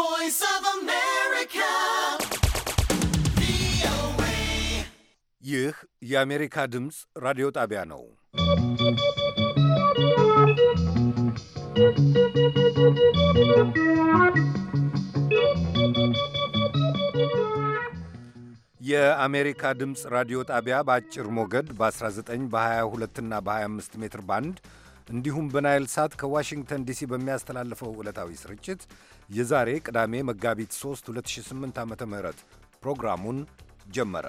voice of America. ይህ የአሜሪካ ድምፅ ራዲዮ ጣቢያ ነው። የአሜሪካ ድምፅ ራዲዮ ጣቢያ በአጭር ሞገድ በ19 በ22 እና በ25 ሜትር ባንድ እንዲሁም በናይል ሳት ከዋሽንግተን ዲሲ በሚያስተላልፈው ዕለታዊ ስርጭት የዛሬ ቅዳሜ መጋቢት 3 2008 ዓ ም ፕሮግራሙን ጀመረ።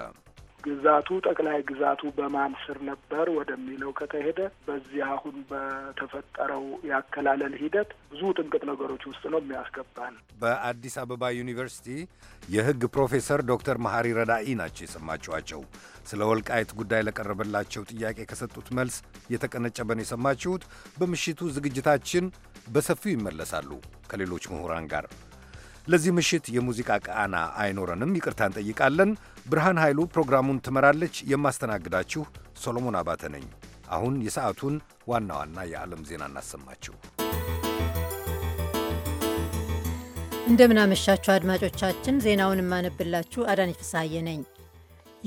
ግዛቱ ጠቅላይ ግዛቱ በማን ስር ነበር ወደሚለው ከተሄደ በዚህ አሁን በተፈጠረው ያከላለል ሂደት ብዙ ጥንቅጥ ነገሮች ውስጥ ነው የሚያስገባን። በአዲስ አበባ ዩኒቨርሲቲ የህግ ፕሮፌሰር ዶክተር መሐሪ ረዳኢ ናቸው የሰማችኋቸው። ስለ ወልቃይት ጉዳይ ለቀረበላቸው ጥያቄ ከሰጡት መልስ የተቀነጨበን የሰማችሁት። በምሽቱ ዝግጅታችን በሰፊው ይመለሳሉ ከሌሎች ምሁራን ጋር። ለዚህ ምሽት የሙዚቃ ቃና አይኖረንም፣ ይቅርታ እንጠይቃለን። ብርሃን ኃይሉ ፕሮግራሙን ትመራለች። የማስተናግዳችሁ ሶሎሞን አባተ ነኝ። አሁን የሰዓቱን ዋና ዋና የዓለም ዜና እናሰማችሁ። እንደምናመሻችሁ አድማጮቻችን፣ ዜናውን የማነብላችሁ አዳነች ፍስሐዬ ነኝ።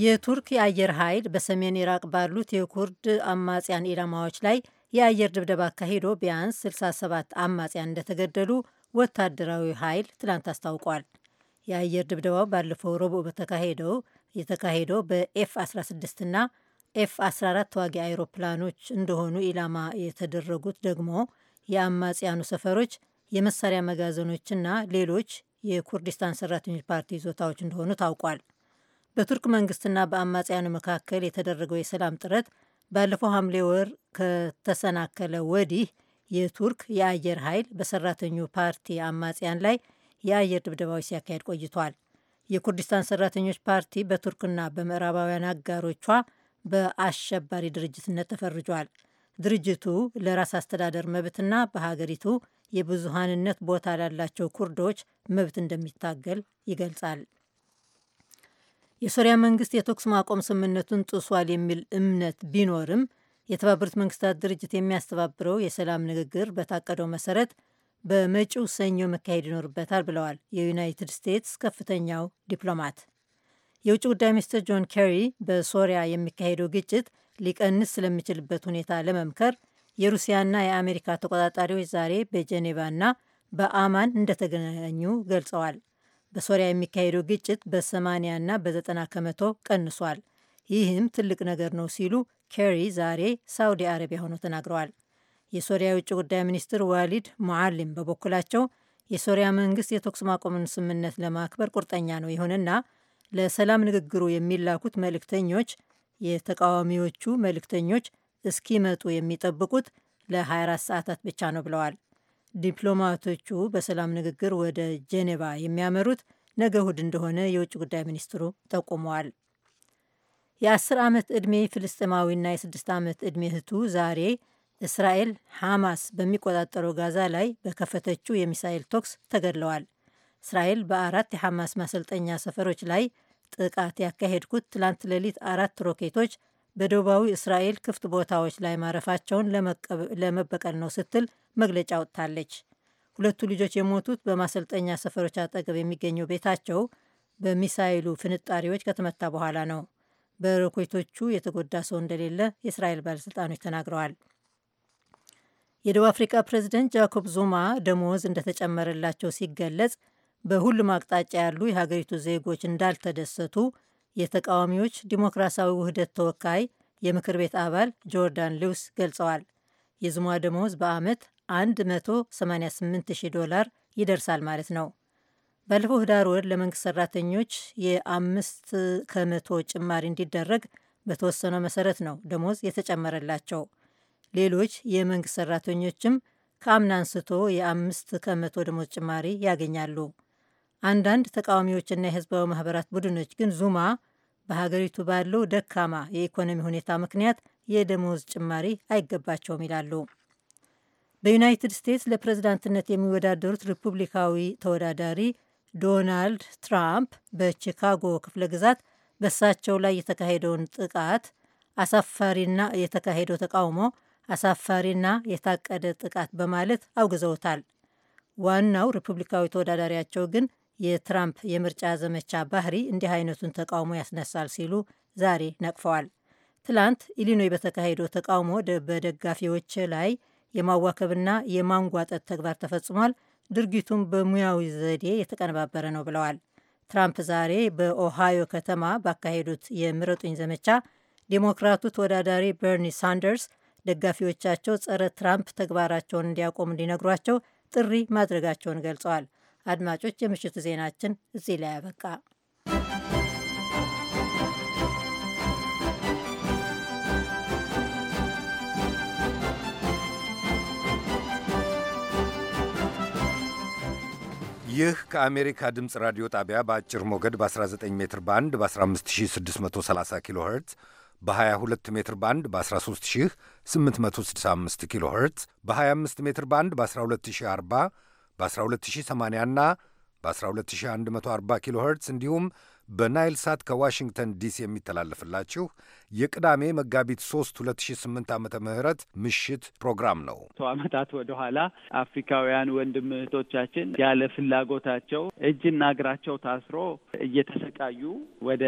የቱርክ የአየር ኃይል በሰሜን ኢራቅ ባሉት የኩርድ አማጽያን ኢላማዎች ላይ የአየር ድብደባ አካሂዶ ቢያንስ 67 አማጽያን እንደተገደሉ ወታደራዊ ኃይል ትላንት አስታውቋል። የአየር ድብደባው ባለፈው ረቡዕ በተካሄደው የተካሄደው በኤፍ 16 ና ኤፍ 14 ተዋጊ አይሮፕላኖች እንደሆኑ ኢላማ የተደረጉት ደግሞ የአማጽያኑ ሰፈሮች፣ የመሳሪያ መጋዘኖችና ሌሎች የኩርዲስታን ሰራተኞች ፓርቲ ይዞታዎች እንደሆኑ ታውቋል። በቱርክ መንግስትና በአማጽያኑ መካከል የተደረገው የሰላም ጥረት ባለፈው ሐምሌ ወር ከተሰናከለ ወዲህ የቱርክ የአየር ኃይል በሰራተኙ ፓርቲ አማጽያን ላይ የአየር ድብደባዎች ሲያካሄድ ቆይቷል። የኩርዲስታን ሰራተኞች ፓርቲ በቱርክና በምዕራባውያን አጋሮቿ በአሸባሪ ድርጅትነት ተፈርጇል። ድርጅቱ ለራስ አስተዳደር መብትና በሀገሪቱ የብዙሃንነት ቦታ ላላቸው ኩርዶች መብት እንደሚታገል ይገልጻል። የሶሪያ መንግስት የተኩስ ማቆም ስምምነቱን ጥሷል የሚል እምነት ቢኖርም የተባበሩት መንግስታት ድርጅት የሚያስተባብረው የሰላም ንግግር በታቀደው መሰረት በመጪው ሰኞ መካሄድ ይኖርበታል ብለዋል የዩናይትድ ስቴትስ ከፍተኛው ዲፕሎማት። የውጭ ጉዳይ ሚኒስትር ጆን ኬሪ በሶሪያ የሚካሄደው ግጭት ሊቀንስ ስለሚችልበት ሁኔታ ለመምከር የሩሲያና የአሜሪካ ተቆጣጣሪዎች ዛሬ በጄኔቫና በአማን እንደተገናኙ ገልጸዋል። በሶሪያ የሚካሄደው ግጭት በ80ና በ90 ከመቶ ቀንሷል። ይህም ትልቅ ነገር ነው ሲሉ ኬሪ ዛሬ ሳውዲ አረቢያ ሆነው ተናግረዋል። የሶሪያ የውጭ ጉዳይ ሚኒስትር ዋሊድ ሙዓሊም በበኩላቸው የሶሪያ መንግስት የተኩስ ማቆምን ስምምነት ለማክበር ቁርጠኛ ነው። ይሁንና ለሰላም ንግግሩ የሚላኩት መልእክተኞች የተቃዋሚዎቹ መልእክተኞች እስኪመጡ የሚጠብቁት ለ24 ሰዓታት ብቻ ነው ብለዋል። ዲፕሎማቶቹ በሰላም ንግግር ወደ ጄኔቫ የሚያመሩት ነገ እሁድ እንደሆነ የውጭ ጉዳይ ሚኒስትሩ ጠቁመዋል። የአስር ዓመት ዕድሜ ፍልስጤማዊና የስድስት ዓመት ዕድሜ እህቱ ዛሬ እስራኤል ሐማስ በሚቆጣጠረው ጋዛ ላይ በከፈተችው የሚሳኤል ተኩስ ተገድለዋል። እስራኤል በአራት የሐማስ ማሰልጠኛ ሰፈሮች ላይ ጥቃት ያካሄድኩት ትላንት ሌሊት አራት ሮኬቶች በደቡባዊ እስራኤል ክፍት ቦታዎች ላይ ማረፋቸውን ለመበቀል ነው ስትል መግለጫ ወጥታለች። ሁለቱ ልጆች የሞቱት በማሰልጠኛ ሰፈሮች አጠገብ የሚገኘው ቤታቸው በሚሳይሉ ፍንጣሪዎች ከተመታ በኋላ ነው። በሮኬቶቹ የተጎዳ ሰው እንደሌለ የእስራኤል ባለሥልጣኖች ተናግረዋል። የደቡብ አፍሪካ ፕሬዚደንት ጃኮብ ዙማ ደሞዝ እንደተጨመረላቸው ሲገለጽ በሁሉም አቅጣጫ ያሉ የሀገሪቱ ዜጎች እንዳልተደሰቱ የተቃዋሚዎች ዲሞክራሲያዊ ውህደት ተወካይ የምክር ቤት አባል ጆርዳን ሊውስ ገልጸዋል። የዙማ ደሞዝ በዓመት 188000 ዶላር ይደርሳል ማለት ነው። ባለፈው ህዳር ወር ለመንግስት ሰራተኞች የአምስት ከመቶ ጭማሪ እንዲደረግ በተወሰነው መሰረት ነው ደሞዝ የተጨመረላቸው። ሌሎች የመንግስት ሰራተኞችም ከአምና አንስቶ የአምስት ከመቶ ደሞዝ ጭማሪ ያገኛሉ። አንዳንድ ተቃዋሚዎችና የህዝባዊ ማህበራት ቡድኖች ግን ዙማ በሀገሪቱ ባለው ደካማ የኢኮኖሚ ሁኔታ ምክንያት የደሞዝ ጭማሪ አይገባቸውም ይላሉ። በዩናይትድ ስቴትስ ለፕሬዝዳንትነት የሚወዳደሩት ሪፑብሊካዊ ተወዳዳሪ ዶናልድ ትራምፕ በቺካጎ ክፍለ ግዛት በሳቸው ላይ የተካሄደውን ጥቃት አሳፋሪና የተካሄደው ተቃውሞ አሳፋሪና የታቀደ ጥቃት በማለት አውግዘውታል። ዋናው ሪፑብሊካዊ ተወዳዳሪያቸው ግን የትራምፕ የምርጫ ዘመቻ ባህሪ እንዲህ አይነቱን ተቃውሞ ያስነሳል ሲሉ ዛሬ ነቅፈዋል። ትላንት ኢሊኖይ በተካሄደው ተቃውሞ በደጋፊዎች ላይ የማዋከብና የማንጓጠጥ ተግባር ተፈጽሟል፣ ድርጊቱም በሙያዊ ዘዴ የተቀነባበረ ነው ብለዋል። ትራምፕ ዛሬ በኦሃዮ ከተማ ባካሄዱት የምረጡኝ ዘመቻ ዴሞክራቱ ተወዳዳሪ በርኒ ሳንደርስ ደጋፊዎቻቸው ጸረ ትራምፕ ተግባራቸውን እንዲያቆሙ እንዲነግሯቸው ጥሪ ማድረጋቸውን ገልጸዋል። አድማጮች፣ የምሽቱ ዜናችን እዚህ ላይ ያበቃ። ይህ ከአሜሪካ ድምፅ ራዲዮ ጣቢያ በአጭር ሞገድ በ19 ሜትር ባንድ በ15630 ኪሎ ኸርትዝ በ22 ሜትር ባንድ በ13865 ኪሎ ኸርትዝ በ25 ሜትር ባንድ በ 1240 በ 1280 እና በ12140 ኪሎ ኸርትዝ እንዲሁም በናይል ሳት ከዋሽንግተን ዲሲ የሚተላለፍላችሁ የቅዳሜ መጋቢት 3 2008 ዓ ምህረት ምሽት ፕሮግራም ነው። ቶ ዓመታት ወደኋላ አፍሪካውያን ወንድም እህቶቻችን ያለ ፍላጎታቸው እጅና እግራቸው ታስሮ እየተሰቃዩ ወደ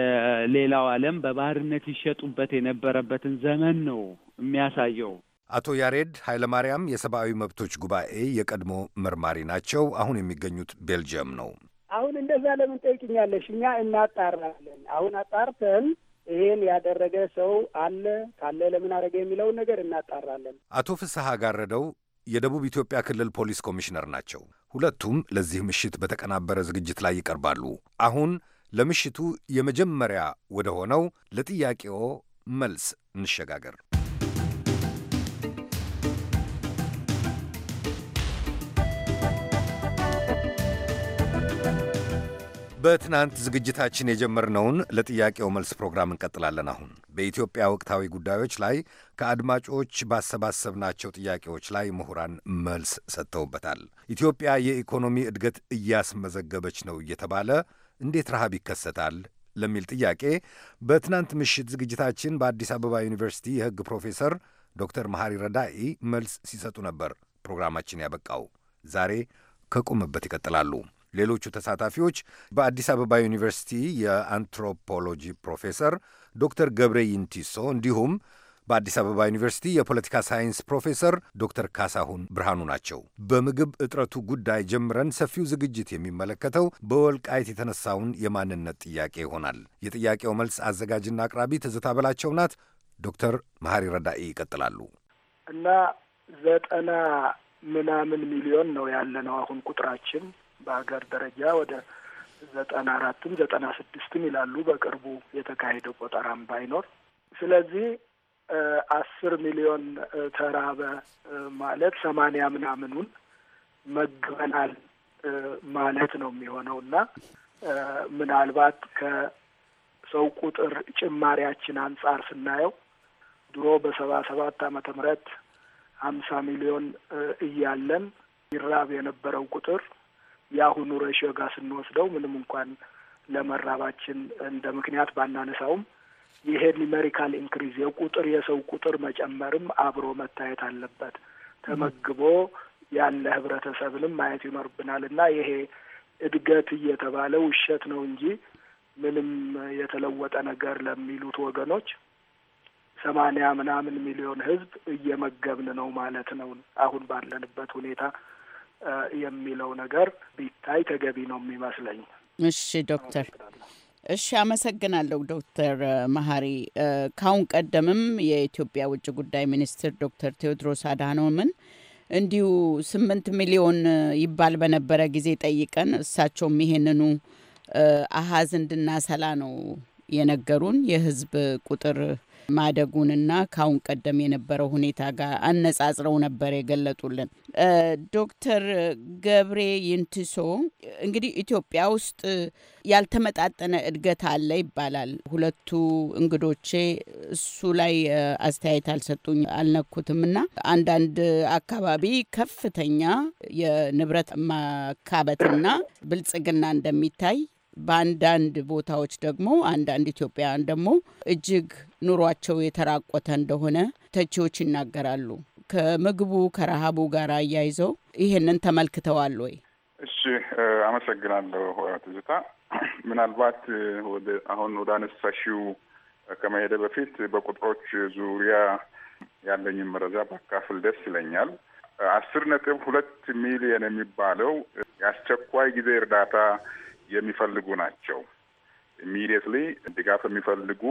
ሌላው ዓለም በባርነት ይሸጡበት የነበረበትን ዘመን ነው የሚያሳየው። አቶ ያሬድ ኃይለማርያም የሰብአዊ መብቶች ጉባኤ የቀድሞ መርማሪ ናቸው። አሁን የሚገኙት ቤልጅየም ነው። አሁን እንደዛ ለምን ጠይቅኛለሽ? እኛ እናጣራለን። አሁን አጣርተን ይህን ያደረገ ሰው አለ ካለ ለምን አደረገ የሚለውን ነገር እናጣራለን። አቶ ፍስሐ ጋረደው የደቡብ ኢትዮጵያ ክልል ፖሊስ ኮሚሽነር ናቸው። ሁለቱም ለዚህ ምሽት በተቀናበረ ዝግጅት ላይ ይቀርባሉ። አሁን ለምሽቱ የመጀመሪያ ወደ ሆነው ለጥያቄዎ መልስ እንሸጋገር። በትናንት ዝግጅታችን የጀመርነውን ለጥያቄው መልስ ፕሮግራም እንቀጥላለን። አሁን በኢትዮጵያ ወቅታዊ ጉዳዮች ላይ ከአድማጮች ባሰባሰብናቸው ጥያቄዎች ላይ ምሁራን መልስ ሰጥተውበታል። ኢትዮጵያ የኢኮኖሚ እድገት እያስመዘገበች ነው እየተባለ እንዴት ረሃብ ይከሰታል ለሚል ጥያቄ በትናንት ምሽት ዝግጅታችን በአዲስ አበባ ዩኒቨርሲቲ የሕግ ፕሮፌሰር ዶክተር መሐሪ ረዳኢ መልስ ሲሰጡ ነበር ፕሮግራማችን ያበቃው። ዛሬ ከቆመበት ይቀጥላሉ። ሌሎቹ ተሳታፊዎች በአዲስ አበባ ዩኒቨርሲቲ የአንትሮፖሎጂ ፕሮፌሰር ዶክተር ገብረ ይንቲሶ እንዲሁም በአዲስ አበባ ዩኒቨርሲቲ የፖለቲካ ሳይንስ ፕሮፌሰር ዶክተር ካሳሁን ብርሃኑ ናቸው። በምግብ እጥረቱ ጉዳይ ጀምረን ሰፊው ዝግጅት የሚመለከተው በወልቃይት የተነሳውን የማንነት ጥያቄ ይሆናል። የጥያቄው መልስ አዘጋጅና አቅራቢ ትዝታ በላቸው ናት። ዶክተር መሐሪ ረዳኢ ይቀጥላሉ። እና ዘጠና ምናምን ሚሊዮን ነው ያለነው አሁን ቁጥራችን በሀገር ደረጃ ወደ ዘጠና አራትም ዘጠና ስድስትም ይላሉ በቅርቡ የተካሄደ ቆጠራም ባይኖር። ስለዚህ አስር ሚሊዮን ተራበ ማለት ሰማንያ ምናምኑን መግበናል ማለት ነው የሚሆነው እና ምናልባት ከሰው ቁጥር ጭማሪያችን አንጻር ስናየው ድሮ በሰባ ሰባት አመተ ምህረት ሀምሳ ሚሊዮን እያለን ይራብ የነበረው ቁጥር የአሁኑ ሬሽዮ ጋር ስንወስደው ምንም እንኳን ለመራባችን እንደ ምክንያት ባናነሳውም ይሄ ኒሜሪካል ኢንክሪዝ የቁጥር የሰው ቁጥር መጨመርም አብሮ መታየት አለበት። ተመግቦ ያለ ህብረተሰብንም ማየት ይኖርብናል እና ይሄ እድገት እየተባለ ውሸት ነው እንጂ ምንም የተለወጠ ነገር ለሚሉት ወገኖች ሰማንያ ምናምን ሚሊዮን ህዝብ እየመገብን ነው ማለት ነው አሁን ባለንበት ሁኔታ የሚለው ነገር ቢታይ ተገቢ ነው የሚመስለኝ። እሺ ዶክተር እሺ አመሰግናለሁ ዶክተር መሀሪ። ካሁን ቀደምም የኢትዮጵያ ውጭ ጉዳይ ሚኒስትር ዶክተር ቴዎድሮስ አድሃኖምን እንዲሁ ስምንት ሚሊዮን ይባል በነበረ ጊዜ ጠይቀን እሳቸውም ይሄንኑ አሀዝ እንድናሰላ ነው የነገሩን የህዝብ ቁጥር ማደጉንና ከአሁን ቀደም የነበረው ሁኔታ ጋር አነጻጽረው ነበር የገለጡልን። ዶክተር ገብሬ ይንትሶ እንግዲህ ኢትዮጵያ ውስጥ ያልተመጣጠነ እድገት አለ ይባላል። ሁለቱ እንግዶቼ እሱ ላይ አስተያየት አልሰጡኝ አልነኩትም። እና አንዳንድ አካባቢ ከፍተኛ የንብረት ማካበትና ብልጽግና እንደሚታይ በአንዳንድ ቦታዎች ደግሞ አንዳንድ ኢትዮጵያውያን ደግሞ እጅግ ኑሯቸው የተራቆተ እንደሆነ ተቺዎች ይናገራሉ። ከምግቡ ከረሃቡ ጋር አያይዘው ይሄንን ተመልክተዋል ወይ? እሺ፣ አመሰግናለሁ ትዝታ። ምናልባት ወደ አሁን ወደ አነሳሽው ከመሄደ በፊት በቁጥሮች ዙሪያ ያለኝን መረጃ ባካፍል ደስ ይለኛል። አስር ነጥብ ሁለት ሚሊየን የሚባለው የአስቸኳይ ጊዜ እርዳታ የሚፈልጉ ናቸው። ኢሚዲየትሊ ድጋፍ የሚፈልጉ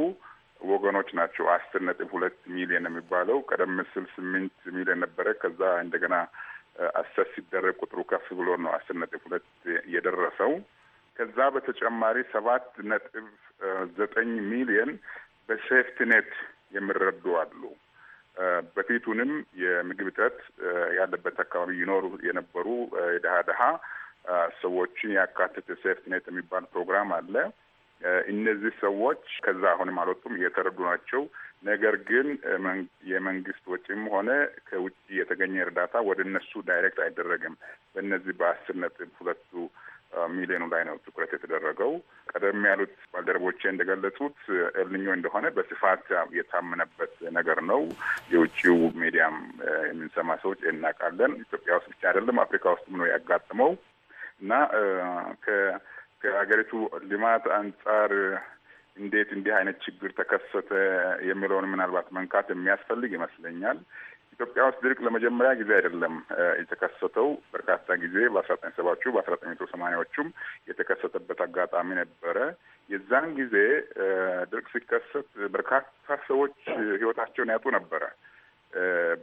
ወገኖች ናቸው። አስር ነጥብ ሁለት ሚሊዮን የሚባለው ቀደም ሲል ስምንት ሚሊዮን ነበረ። ከዛ እንደገና አሰስ ሲደረግ ቁጥሩ ከፍ ብሎ ነው አስር ነጥብ ሁለት የደረሰው። ከዛ በተጨማሪ ሰባት ነጥብ ዘጠኝ ሚሊዮን ኔት የሚረዱ አሉ። በፊቱንም የምግብ እጥረት ያለበት አካባቢ ይኖሩ የነበሩ ድሀ ድሀ ሰዎችን ያካተተ ሴፍትኔት የሚባል ፕሮግራም አለ። እነዚህ ሰዎች ከዛ አሁንም አልወጡም፣ እየተረዱ ናቸው። ነገር ግን የመንግስት ወጪም ሆነ ከውጭ የተገኘ እርዳታ ወደ እነሱ ዳይሬክት አይደረግም። በእነዚህ በአስር ነጥብ ሁለቱ ሚሊዮኑ ላይ ነው ትኩረት የተደረገው። ቀደም ያሉት ባልደረቦቼ እንደገለጹት ኤልኒኞ እንደሆነ በስፋት የታመነበት ነገር ነው። የውጭው ሚዲያም የምንሰማ ሰዎች እናውቃለን። ኢትዮጵያ ውስጥ ብቻ አይደለም፣ አፍሪካ ውስጥም ነው ያጋጥመው። እና ከሀገሪቱ ልማት አንጻር እንዴት እንዲህ አይነት ችግር ተከሰተ የሚለውን ምናልባት መንካት የሚያስፈልግ ይመስለኛል። ኢትዮጵያ ውስጥ ድርቅ ለመጀመሪያ ጊዜ አይደለም የተከሰተው። በርካታ ጊዜ በአስራ ዘጠኝ ሰባዎቹ በአስራ ዘጠኝ መቶ ሰማኒያዎቹም የተከሰተበት አጋጣሚ ነበረ። የዛን ጊዜ ድርቅ ሲከሰት በርካታ ሰዎች ህይወታቸውን ያጡ ነበረ።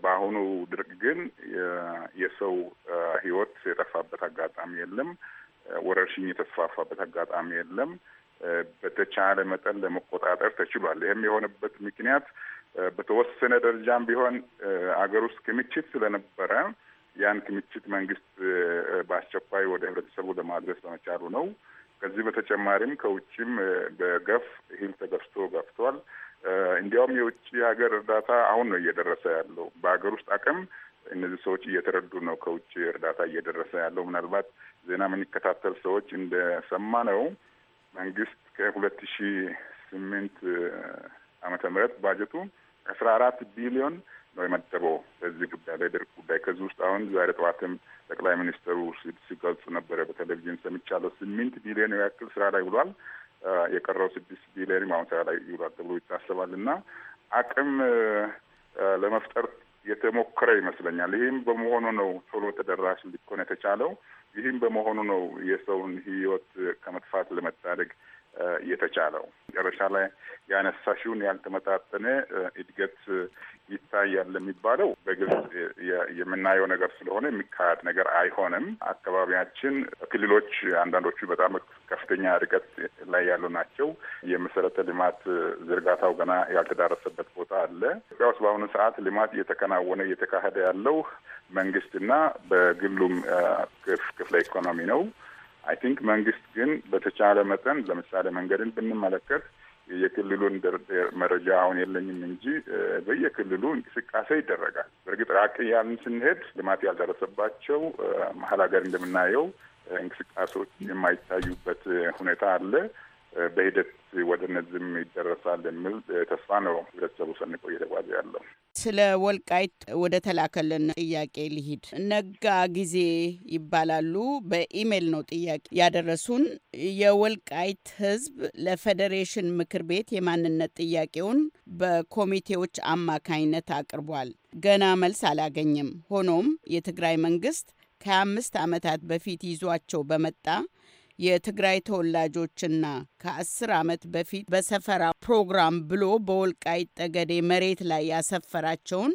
በአሁኑ ድርቅ ግን የሰው ህይወት የጠፋበት አጋጣሚ የለም። ወረርሽኝ የተስፋፋበት አጋጣሚ የለም። በተቻለ መጠን ለመቆጣጠር ተችሏል። ይህም የሆነበት ምክንያት በተወሰነ ደረጃም ቢሆን አገር ውስጥ ክምችት ስለነበረ ያን ክምችት መንግስት በአስቸኳይ ወደ ህብረተሰቡ ለማድረስ በመቻሉ ነው። ከዚህ በተጨማሪም ከውጭም በገፍ እህል ተገዝቶ ገብቷል። እንዲያውም የውጭ ሀገር እርዳታ አሁን ነው እየደረሰ ያለው። በሀገር ውስጥ አቅም እነዚህ ሰዎች እየተረዱ ነው ከውጭ እርዳታ እየደረሰ ያለው። ምናልባት ዜና የምንከታተል ሰዎች እንደሰማ ነው። መንግስት ከሁለት ሺ ስምንት አመተ ምህረት ባጀቱ አስራ አራት ቢሊዮን ነው የመደበው በዚህ ጉዳይ ላይ ድርቅ ጉዳይ። ከዚህ ውስጥ አሁን ዛሬ ጠዋትም ጠቅላይ ሚኒስትሩ ሲገልጹ ነበረ በቴሌቪዥን ሰምቻለሁ። ስምንት ቢሊዮን ያክል ስራ ላይ ብሏል። የቀረው ስድስት ቢሊዮን አሁን ስራ ላይ ይውላል ተብሎ ይታሰባል እና አቅም ለመፍጠር የተሞከረ ይመስለኛል። ይህም በመሆኑ ነው ቶሎ ተደራሽ ሊሆን የተቻለው። ይህም በመሆኑ ነው የሰውን ህይወት ከመጥፋት ለመታደግ የተቻለው መጨረሻ ላይ ያነሳሽውን ያልተመጣጠነ እድገት ይታያል የሚባለው በግልጽ የምናየው ነገር ስለሆነ የሚካሄድ ነገር አይሆንም። አካባቢያችን ክልሎች አንዳንዶቹ በጣም ከፍተኛ ርቀት ላይ ያሉ ናቸው። የመሰረተ ልማት ዝርጋታው ገና ያልተዳረሰበት ቦታ አለ። ኢትዮጵያ ውስጥ በአሁኑ ሰዓት ልማት እየተከናወነ እየተካሄደ ያለው መንግስትና በግሉም ክፍለ ኢኮኖሚ ነው። አይ ቲንክ መንግስት ግን በተቻለ መጠን ለምሳሌ መንገድን ብንመለከት የክልሉን መረጃ አሁን የለኝም እንጂ በየክልሉ እንቅስቃሴ ይደረጋል። በእርግጥ ራቅ ያልን ስንሄድ ልማት ያልደረሰባቸው መሀል ሀገር እንደምናየው እንቅስቃሴዎች የማይታዩበት ሁኔታ አለ። በሂደት ወደ እነዚህም ይደረሳል የሚል ተስፋ ነው ህብረተሰቡ ሰንቆ እየተጓዘ ያለው። ስለ ወልቃይት ወደ ተላከልን ጥያቄ ሊሂድ ነጋ ጊዜ ይባላሉ። በኢሜል ነው ጥያቄ ያደረሱን። የወልቃይት ህዝብ ለፌዴሬሽን ምክር ቤት የማንነት ጥያቄውን በኮሚቴዎች አማካኝነት አቅርቧል። ገና መልስ አላገኘም። ሆኖም የትግራይ መንግስት ከአምስት ዓመታት በፊት ይዟቸው በመጣ የትግራይ ተወላጆችና ከአስር ዓመት በፊት በሰፈራ ፕሮግራም ብሎ በወልቃይት ጠገዴ መሬት ላይ ያሰፈራቸውን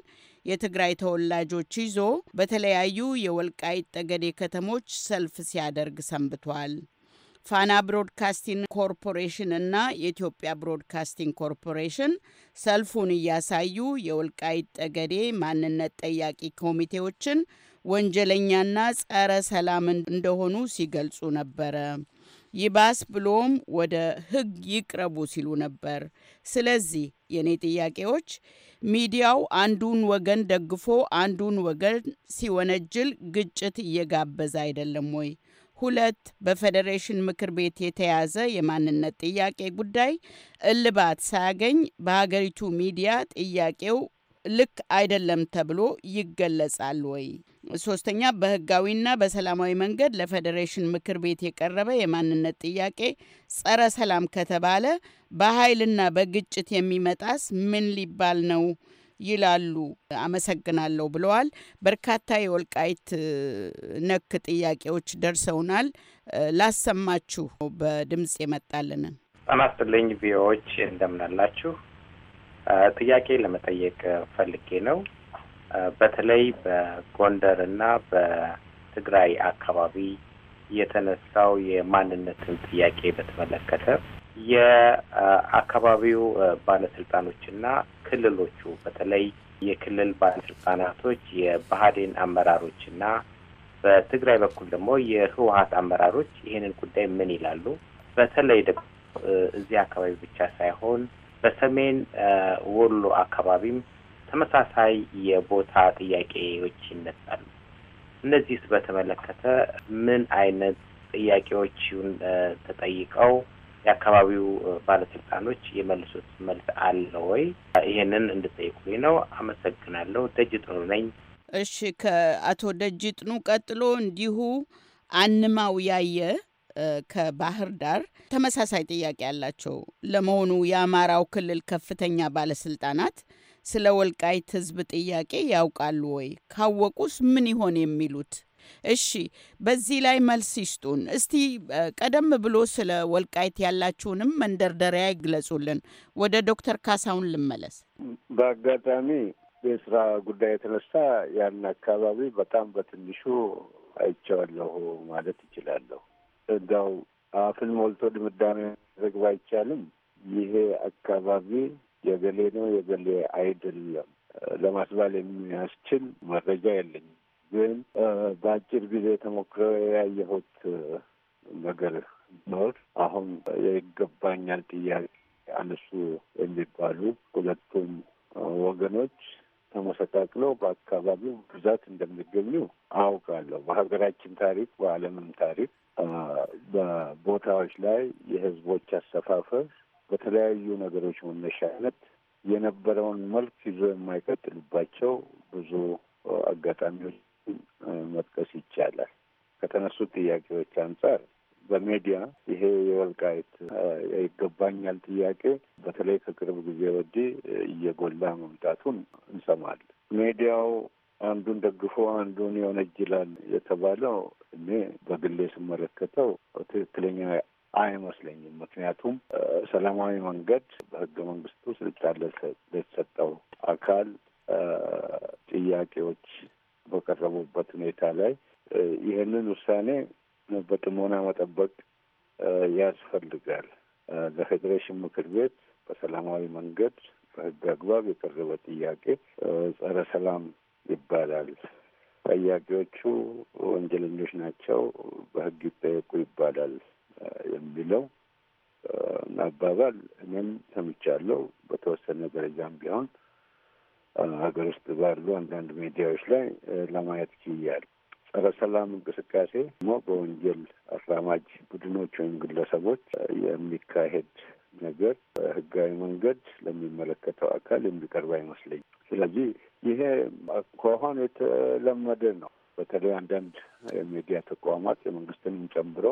የትግራይ ተወላጆች ይዞ በተለያዩ የወልቃይት ጠገዴ ከተሞች ሰልፍ ሲያደርግ ሰንብቷል። ፋና ብሮድካስቲንግ ኮርፖሬሽን እና የኢትዮጵያ ብሮድካስቲንግ ኮርፖሬሽን ሰልፉን እያሳዩ የወልቃይት ጠገዴ ማንነት ጠያቂ ኮሚቴዎችን ወንጀለኛና ጸረ ሰላም እንደሆኑ ሲገልጹ ነበረ። ይባስ ብሎም ወደ ሕግ ይቅረቡ ሲሉ ነበር። ስለዚህ የእኔ ጥያቄዎች ሚዲያው አንዱን ወገን ደግፎ አንዱን ወገን ሲወነጅል ግጭት እየጋበዘ አይደለም ወይ? ሁለት በፌዴሬሽን ምክር ቤት የተያዘ የማንነት ጥያቄ ጉዳይ እልባት ሳያገኝ በሀገሪቱ ሚዲያ ጥያቄው ልክ አይደለም ተብሎ ይገለጻል ወይ? ሶስተኛ በህጋዊና በሰላማዊ መንገድ ለፌዴሬሽን ምክር ቤት የቀረበ የማንነት ጥያቄ ጸረ ሰላም ከተባለ በኃይልና በግጭት የሚመጣስ ምን ሊባል ነው ይላሉ። አመሰግናለሁ ብለዋል። በርካታ የወልቃይት ነክ ጥያቄዎች ደርሰውናል። ላሰማችሁ በድምፅ የመጣልንን። ጤና ቪዎች እንደምናላችሁ። ጥያቄ ለመጠየቅ ፈልጌ ነው በተለይ በጎንደር እና በትግራይ አካባቢ የተነሳው የማንነትን ጥያቄ በተመለከተ የአካባቢው ባለስልጣኖችና ክልሎቹ በተለይ የክልል ባለስልጣናቶች የባህዴን እና በትግራይ በኩል ደግሞ የህወሀት አመራሮች ይህንን ጉዳይ ምን ይላሉ? በተለይ ደግሞ እዚህ አካባቢ ብቻ ሳይሆን በሰሜን ወሎ አካባቢም ተመሳሳይ የቦታ ጥያቄዎች ይነሳሉ። እነዚህስ በተመለከተ ምን አይነት ጥያቄዎችን ተጠይቀው የአካባቢው ባለስልጣኖች የመልሱት መልስ አለ ወይ? ይህንን እንድጠይቁኝ ነው። አመሰግናለሁ። ደጅ ጥኑ ነኝ። እሺ፣ ከአቶ ደጅ ጥኑ ቀጥሎ እንዲሁ አንማው ያየ ከባህር ዳር ተመሳሳይ ጥያቄ አላቸው። ለመሆኑ የአማራው ክልል ከፍተኛ ባለስልጣናት ስለ ወልቃይት ህዝብ ጥያቄ ያውቃሉ ወይ? ካወቁስ ምን ይሆን የሚሉት? እሺ፣ በዚህ ላይ መልስ ይስጡን። እስቲ ቀደም ብሎ ስለ ወልቃይት ያላችሁንም መንደርደሪያ ይግለጹልን። ወደ ዶክተር ካሳውን ልመለስ። በአጋጣሚ የስራ ጉዳይ የተነሳ ያን አካባቢ በጣም በትንሹ አይቼዋለሁ ማለት ይችላለሁ። እንዳው አፍን ሞልቶ ድምዳሜ ዘግብ አይቻልም። ይሄ አካባቢ የገሌ ነው የገሌ አይደለም ለማስባል የሚያስችል መረጃ የለኝም። ግን በአጭር ጊዜ ተሞክሮ ያየሁት ነገር ኖር አሁን የይገባኛል ጥያቄ አነሱ የሚባሉ ሁለቱም ወገኖች ተመሰቃቅለው በአካባቢው ብዛት እንደሚገኙ አውቃለሁ። በሀገራችን ታሪክ፣ በዓለምም ታሪክ በቦታዎች ላይ የህዝቦች አሰፋፈር በተለያዩ ነገሮች መነሻነት የነበረውን መልክ ይዞ የማይቀጥልባቸው ብዙ አጋጣሚዎች መጥቀስ ይቻላል። ከተነሱት ጥያቄዎች አንጻር በሜዲያ ይሄ የወልቃይት ይገባኛል ጥያቄ በተለይ ከቅርብ ጊዜ ወዲህ እየጎላ መምጣቱን እንሰማለን። ሜዲያው አንዱን ደግፎ አንዱን ይወነጅላል የተባለው እኔ በግሌ ስመለከተው ትክክለኛ አይመስለኝም። ምክንያቱም ሰላማዊ መንገድ በህገ መንግስቱ ስልጣን ለተሰጠው አካል ጥያቄዎች በቀረቡበት ሁኔታ ላይ ይህንን ውሳኔ በጥሞና መጠበቅ ያስፈልጋል። ለፌዴሬሽን ምክር ቤት በሰላማዊ መንገድ በህግ አግባብ የቀረበ ጥያቄ ጸረ ሰላም ይባላል። ጠያቂዎቹ ወንጀለኞች ናቸው፣ በህግ ይጠየቁ ይባላል። የሚለው አባባል እኔም ሰምቻለሁ። በተወሰነ ደረጃም ቢሆን ሀገር ውስጥ ባሉ አንዳንድ ሚዲያዎች ላይ ለማየት ችያል። ጸረ ሰላም እንቅስቃሴ ደግሞ በወንጀል አራማጅ ቡድኖች ወይም ግለሰቦች የሚካሄድ ነገር ህጋዊ መንገድ ለሚመለከተው አካል የሚቀርብ አይመስለኝ። ስለዚህ ይሄ ከሆን የተለመደ ነው። በተለይ አንዳንድ የሚዲያ ተቋማት የመንግስትንም ጨምሮ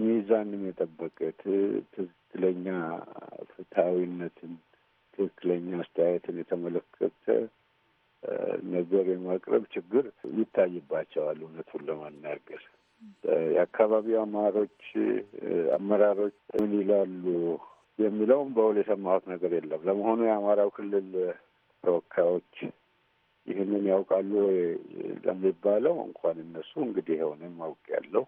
ሚዛንን የጠበቀ ትክክለኛ ፍትሐዊነትን፣ ትክክለኛ አስተያየትን የተመለከተ ነገር የማቅረብ ችግር ይታይባቸዋል። እውነቱን ለማናገር የአካባቢው አማሮች አመራሮች ምን ይላሉ የሚለውም በውል የሰማሁት ነገር የለም። ለመሆኑ የአማራው ክልል ተወካዮች ይህንን ያውቃሉ ለሚባለው እንኳን እነሱ እንግዲህ የሆነ ማውቅ ያለው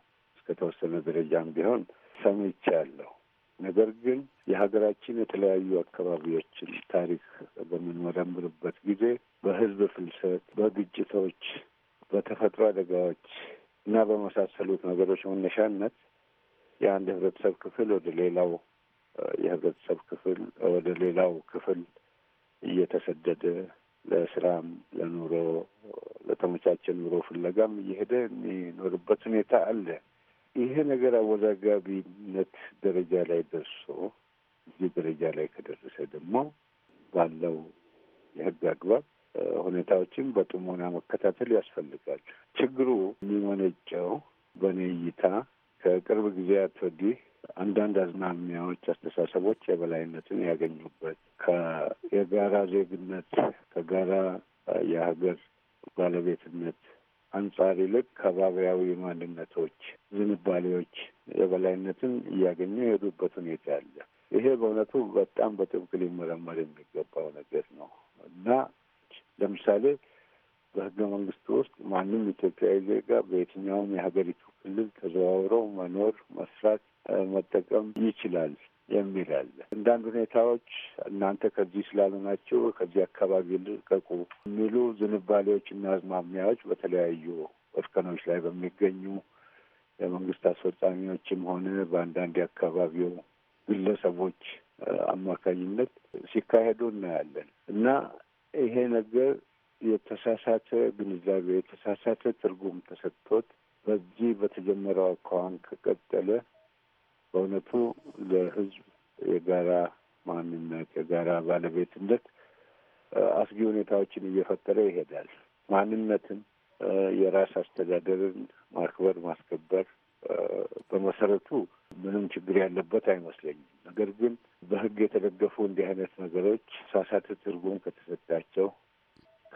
ከተወሰነ ደረጃም ቢሆን ሰምቻለሁ። ነገር ግን የሀገራችን የተለያዩ አካባቢዎችን ታሪክ በምንመረምርበት ጊዜ በህዝብ ፍልሰት፣ በግጭቶች፣ በተፈጥሮ አደጋዎች እና በመሳሰሉት ነገሮች መነሻነት የአንድ ህብረተሰብ ክፍል ወደ ሌላው የህብረተሰብ ክፍል ወደ ሌላው ክፍል እየተሰደደ ለስራም፣ ለኑሮ፣ ለተመቻቸ ኑሮ ፍለጋም እየሄደ የሚኖርበት ሁኔታ አለ። ይሄ ነገር አወዛጋቢነት ደረጃ ላይ ደርሶ እዚህ ደረጃ ላይ ከደረሰ ደግሞ ባለው የህግ አግባብ ሁኔታዎችን በጥሞና መከታተል ያስፈልጋል። ችግሩ የሚመነጨው በእኔ እይታ ከቅርብ ጊዜያት ወዲህ አንዳንድ አዝማሚያዎች፣ አስተሳሰቦች የበላይነትን ያገኙበት ከየጋራ ዜግነት ከጋራ የሀገር ባለቤትነት አንጻር ይልቅ ከባቢያዊ ማንነቶች፣ ዝንባሌዎች የበላይነትን እያገኙ የሄዱበት ሁኔታ አለ። ይሄ በእውነቱ በጣም በጥብቅ ሊመረመር የሚገባው ነገር ነው እና ለምሳሌ በህገ መንግስት ውስጥ ማንም ኢትዮጵያዊ ዜጋ በየትኛውም የሀገሪቱ ክልል ተዘዋውረው መኖር፣ መስራት፣ መጠቀም ይችላል። የሚል አለ። አንዳንድ ሁኔታዎች እናንተ ከዚህ ስላልሆናችሁ ከዚህ አካባቢ ልቀቁ የሚሉ ዝንባሌዎች እና አዝማሚያዎች በተለያዩ እርከኖች ላይ በሚገኙ የመንግስት አስፈጻሚዎችም ሆነ በአንዳንድ የአካባቢው ግለሰቦች አማካኝነት ሲካሄዱ እናያለን እና ይሄ ነገር የተሳሳተ ግንዛቤ የተሳሳተ ትርጉም ተሰጥቶት በዚህ በተጀመረው አኳኋን ከቀጠለ በእውነቱ ለህዝብ የጋራ ማንነት የጋራ ባለቤትነት አስጊ ሁኔታዎችን እየፈጠረ ይሄዳል። ማንነትን፣ የራስ አስተዳደርን ማክበር፣ ማስከበር በመሰረቱ ምንም ችግር ያለበት አይመስለኝም። ነገር ግን በህግ የተደገፉ እንዲህ አይነት ነገሮች ሳሳት ትርጉም ከተሰጣቸው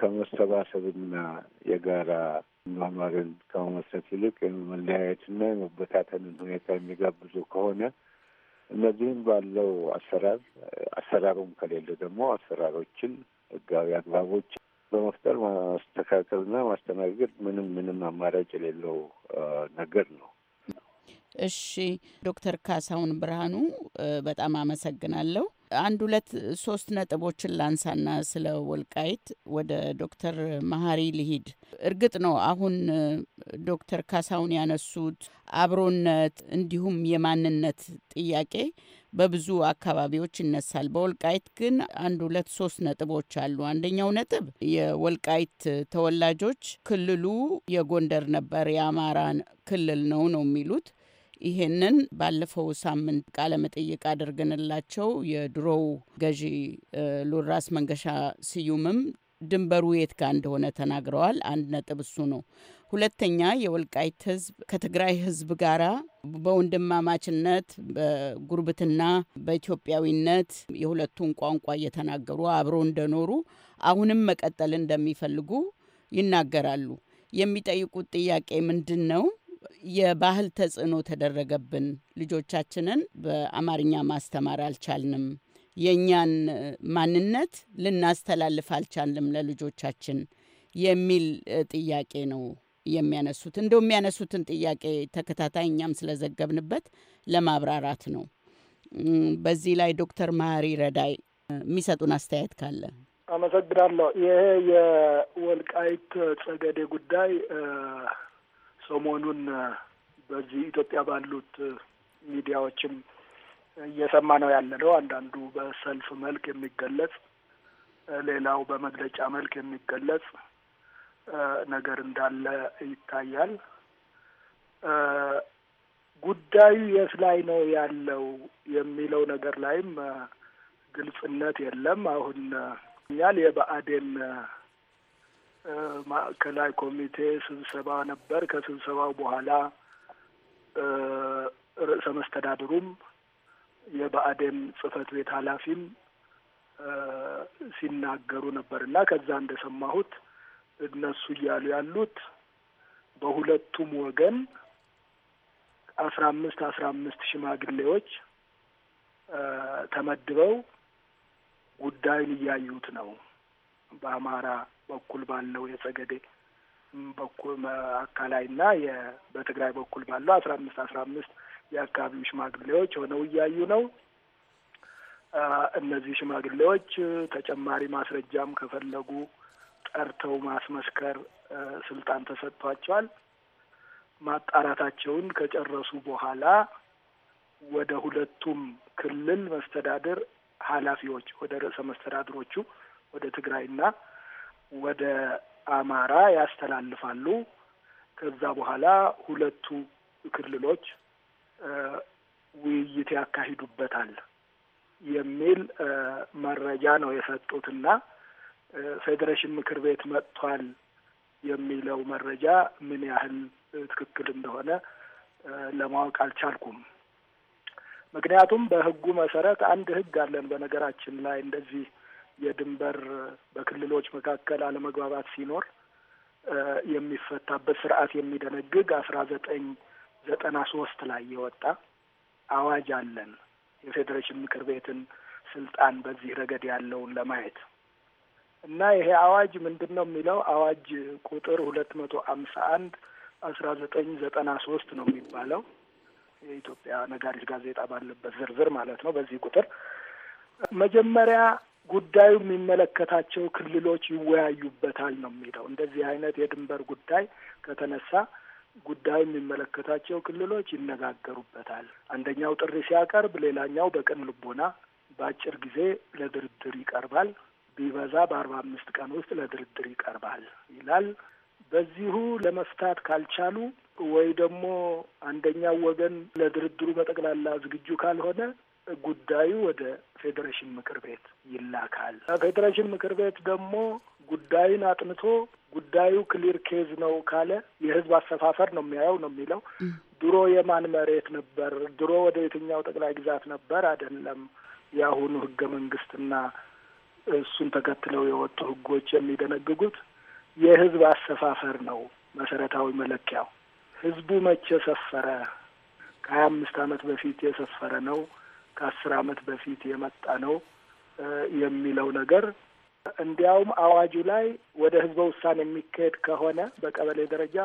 ከመሰባሰብና የጋራ ማማርን ከመመስረት ይልቅ መለያየትና የመበታተንን ሁኔታ የሚጋብዙ ከሆነ እነዚህም ባለው አሰራር አሰራሩም ከሌለ ደግሞ አሰራሮችን ህጋዊ አግባቦች በመፍጠር ማስተካከልና ማስተናገድ ምንም ምንም አማራጭ የሌለው ነገር ነው። እሺ ዶክተር ካሳሁን ብርሃኑ በጣም አመሰግናለሁ። አንድ ሁለት ሶስት ነጥቦችን ላንሳና ስለ ወልቃይት ወደ ዶክተር መሀሪ ልሂድ። እርግጥ ነው አሁን ዶክተር ካሳሁን ያነሱት አብሮነት እንዲሁም የማንነት ጥያቄ በብዙ አካባቢዎች ይነሳል። በወልቃይት ግን አንድ ሁለት ሶስት ነጥቦች አሉ። አንደኛው ነጥብ የወልቃይት ተወላጆች ክልሉ የጎንደር ነበር፣ የአማራ ክልል ነው ነው የሚሉት ይሄንን ባለፈው ሳምንት ቃለመጠይቅ አድርገንላቸው የድሮው ገዢ ልዑል ራስ መንገሻ ስዩምም ድንበሩ የት ጋር እንደሆነ ተናግረዋል። አንድ ነጥብ እሱ ነው። ሁለተኛ የወልቃይት ህዝብ ከትግራይ ህዝብ ጋራ በወንድማማችነት፣ በጉርብትና፣ በኢትዮጵያዊነት የሁለቱን ቋንቋ እየተናገሩ አብሮ እንደኖሩ አሁንም መቀጠል እንደሚፈልጉ ይናገራሉ። የሚጠይቁት ጥያቄ ምንድን ነው? የባህል ተጽዕኖ ተደረገብን። ልጆቻችንን በአማርኛ ማስተማር አልቻልንም። የእኛን ማንነት ልናስተላልፍ አልቻልንም ለልጆቻችን የሚል ጥያቄ ነው የሚያነሱት። እንደው የሚያነሱትን ጥያቄ ተከታታይ እኛም ስለዘገብንበት ለማብራራት ነው። በዚህ ላይ ዶክተር መሀሪ ረዳይ የሚሰጡን አስተያየት ካለ አመሰግናለሁ። ይሄ የወልቃይት ጸገዴ ጉዳይ ሰሞኑን በዚህ ኢትዮጵያ ባሉት ሚዲያዎችም እየሰማ ነው ያለ ነው። አንዳንዱ በሰልፍ መልክ የሚገለጽ ሌላው በመግለጫ መልክ የሚገለጽ ነገር እንዳለ ይታያል። ጉዳዩ የት ላይ ነው ያለው የሚለው ነገር ላይም ግልጽነት የለም። አሁን ያል የብአዴን ማዕከላዊ ኮሚቴ ስብሰባ ነበር። ከስብሰባው በኋላ ርዕሰ መስተዳድሩም የብአዴን ጽህፈት ቤት ኃላፊም ሲናገሩ ነበር እና ከዛ እንደሰማሁት እነሱ እያሉ ያሉት በሁለቱም ወገን አስራ አምስት አስራ አምስት ሽማግሌዎች ተመድበው ጉዳዩን እያዩት ነው በአማራ በኩል ባለው የጸገዴ በኩል አካላይና በትግራይ በኩል ባለው አስራ አምስት አስራ አምስት የአካባቢው ሽማግሌዎች ሆነው እያዩ ነው። እነዚህ ሽማግሌዎች ተጨማሪ ማስረጃም ከፈለጉ ጠርተው ማስመስከር ስልጣን ተሰጥቷቸዋል። ማጣራታቸውን ከጨረሱ በኋላ ወደ ሁለቱም ክልል መስተዳድር ኃላፊዎች ወደ ርዕሰ መስተዳድሮቹ ወደ ትግራይና ወደ አማራ ያስተላልፋሉ። ከዛ በኋላ ሁለቱ ክልሎች ውይይት ያካሂዱበታል የሚል መረጃ ነው የሰጡትና ፌዴሬሽን ምክር ቤት መጥቷል የሚለው መረጃ ምን ያህል ትክክል እንደሆነ ለማወቅ አልቻልኩም። ምክንያቱም በህጉ መሰረት አንድ ህግ አለን በነገራችን ላይ እንደዚህ የድንበር በክልሎች መካከል አለመግባባት ሲኖር የሚፈታበት ስርዓት የሚደነግግ አስራ ዘጠኝ ዘጠና ሶስት ላይ የወጣ አዋጅ አለን። የፌዴሬሽን ምክር ቤትን ስልጣን በዚህ ረገድ ያለውን ለማየት እና ይሄ አዋጅ ምንድን ነው የሚለው አዋጅ ቁጥር ሁለት መቶ አምሳ አንድ አስራ ዘጠኝ ዘጠና ሶስት ነው የሚባለው የኢትዮጵያ ነጋሪት ጋዜጣ ባለበት ዝርዝር ማለት ነው። በዚህ ቁጥር መጀመሪያ ጉዳዩ የሚመለከታቸው ክልሎች ይወያዩበታል ነው የሚለው። እንደዚህ አይነት የድንበር ጉዳይ ከተነሳ ጉዳዩ የሚመለከታቸው ክልሎች ይነጋገሩበታል። አንደኛው ጥሪ ሲያቀርብ፣ ሌላኛው በቅን ልቦና በአጭር ጊዜ ለድርድር ይቀርባል፣ ቢበዛ በአርባ አምስት ቀን ውስጥ ለድርድር ይቀርባል ይላል። በዚሁ ለመፍታት ካልቻሉ ወይ ደግሞ አንደኛው ወገን ለድርድሩ በጠቅላላ ዝግጁ ካልሆነ ጉዳዩ ወደ ፌዴሬሽን ምክር ቤት ይላካል። ፌዴሬሽን ምክር ቤት ደግሞ ጉዳዩን አጥንቶ ጉዳዩ ክሊር ኬዝ ነው ካለ የህዝብ አሰፋፈር ነው የሚያየው ነው የሚለው። ድሮ የማን መሬት ነበር? ድሮ ወደ የትኛው ጠቅላይ ግዛት ነበር? አይደለም የአሁኑ ህገ መንግስትና እሱን ተከትለው የወጡ ህጎች የሚደነግጉት የህዝብ አሰፋፈር ነው መሰረታዊ መለኪያው። ህዝቡ መቼ ሰፈረ? ከሀያ አምስት አመት በፊት የሰፈረ ነው ከአስር ዓመት በፊት የመጣ ነው የሚለው ነገር እንዲያውም አዋጁ ላይ ወደ ህዝበ ውሳኔ የሚካሄድ ከሆነ በቀበሌ ደረጃ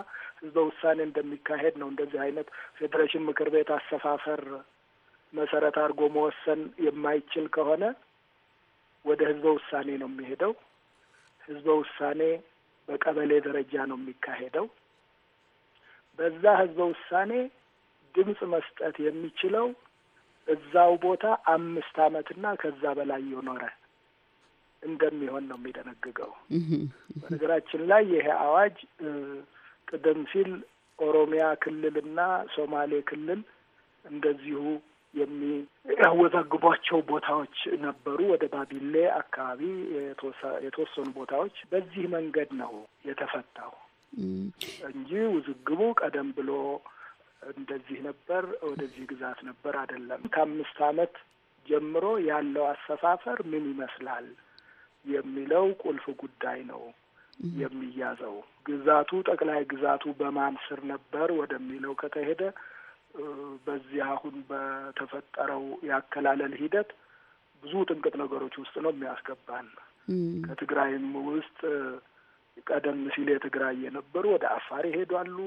ህዝበ ውሳኔ እንደሚካሄድ ነው። እንደዚህ አይነት ፌዴሬሽን ምክር ቤት አሰፋፈር መሰረት አድርጎ መወሰን የማይችል ከሆነ ወደ ህዝበ ውሳኔ ነው የሚሄደው። ህዝበ ውሳኔ በቀበሌ ደረጃ ነው የሚካሄደው። በዛ ህዝበ ውሳኔ ድምፅ መስጠት የሚችለው እዛው ቦታ አምስት ዓመትና ከዛ በላይ የኖረ እንደሚሆን ነው የሚደነግገው። በነገራችን ላይ ይሄ አዋጅ ቅደም ሲል ኦሮሚያ ክልልና ሶማሌ ክልል እንደዚሁ የሚያወዛግቧቸው ቦታዎች ነበሩ። ወደ ባቢሌ አካባቢ የተወሰኑ ቦታዎች በዚህ መንገድ ነው የተፈታው እንጂ ውዝግቡ ቀደም ብሎ እንደዚህ ነበር፣ ወደዚህ ግዛት ነበር አይደለም። ከአምስት አመት ጀምሮ ያለው አሰፋፈር ምን ይመስላል የሚለው ቁልፍ ጉዳይ ነው የሚያዘው። ግዛቱ ጠቅላይ ግዛቱ በማን ስር ነበር ወደሚለው ከተሄደ በዚህ አሁን በተፈጠረው ያከላለል ሂደት ብዙ ጥንቅጥ ነገሮች ውስጥ ነው የሚያስገባን። ከትግራይም ውስጥ ቀደም ሲል የትግራይ የነበሩ ወደ አፋር ይሄዳሉ።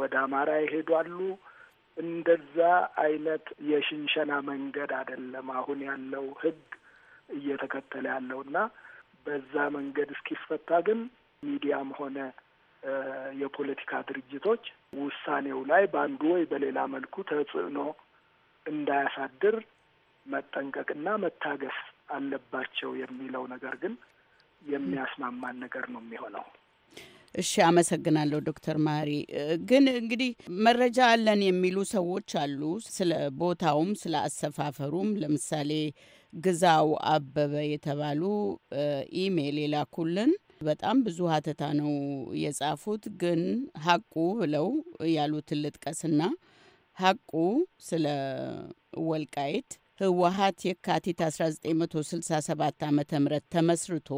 ወደ አማራ ይሄዷሉ እንደዛ አይነት የሽንሸና መንገድ አይደለም አሁን ያለው ህግ እየተከተለ ያለው እና በዛ መንገድ እስኪፈታ ግን ሚዲያም ሆነ የፖለቲካ ድርጅቶች ውሳኔው ላይ በአንዱ ወይ በሌላ መልኩ ተጽዕኖ እንዳያሳድር መጠንቀቅና መታገስ አለባቸው የሚለው ነገር ግን የሚያስማማን ነገር ነው የሚሆነው። እሺ፣ አመሰግናለሁ ዶክተር ማሪ። ግን እንግዲህ መረጃ አለን የሚሉ ሰዎች አሉ፣ ስለ ቦታውም ስለ አሰፋፈሩም። ለምሳሌ ግዛው አበበ የተባሉ ኢሜይል የላኩልን በጣም ብዙ ሀተታ ነው የጻፉት። ግን ሀቁ ብለው ያሉትን ልጥቀስና ሀቁ ስለ ወልቃይት ህወሀት የካቲት 1967 ዓ ም ተመስርቶ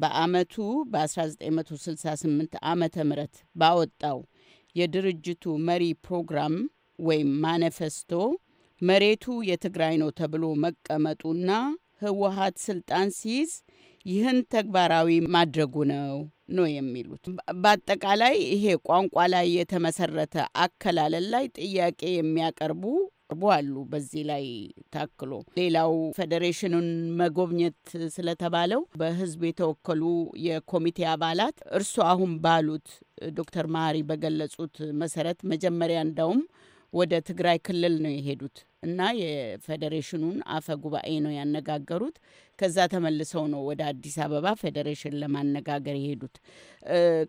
በአመቱ በ1968 ዓ ም ባወጣው የድርጅቱ መሪ ፕሮግራም ወይም ማኒፌስቶ መሬቱ የትግራይ ነው ተብሎ መቀመጡና ህወሀት ስልጣን ሲይዝ ይህን ተግባራዊ ማድረጉ ነው ነው የሚሉት። በአጠቃላይ ይሄ ቋንቋ ላይ የተመሰረተ አከላለል ላይ ጥያቄ የሚያቀርቡ የሚያቀርቡ አሉ። በዚህ ላይ ታክሎ ሌላው ፌዴሬሽኑን መጎብኘት ስለተባለው በህዝብ የተወከሉ የኮሚቴ አባላት እርሱ አሁን ባሉት ዶክተር መሀሪ በገለጹት መሰረት መጀመሪያ እንዳውም ወደ ትግራይ ክልል ነው የሄዱት እና የፌዴሬሽኑን አፈ ጉባኤ ነው ያነጋገሩት። ከዛ ተመልሰው ነው ወደ አዲስ አበባ ፌዴሬሽን ለማነጋገር የሄዱት።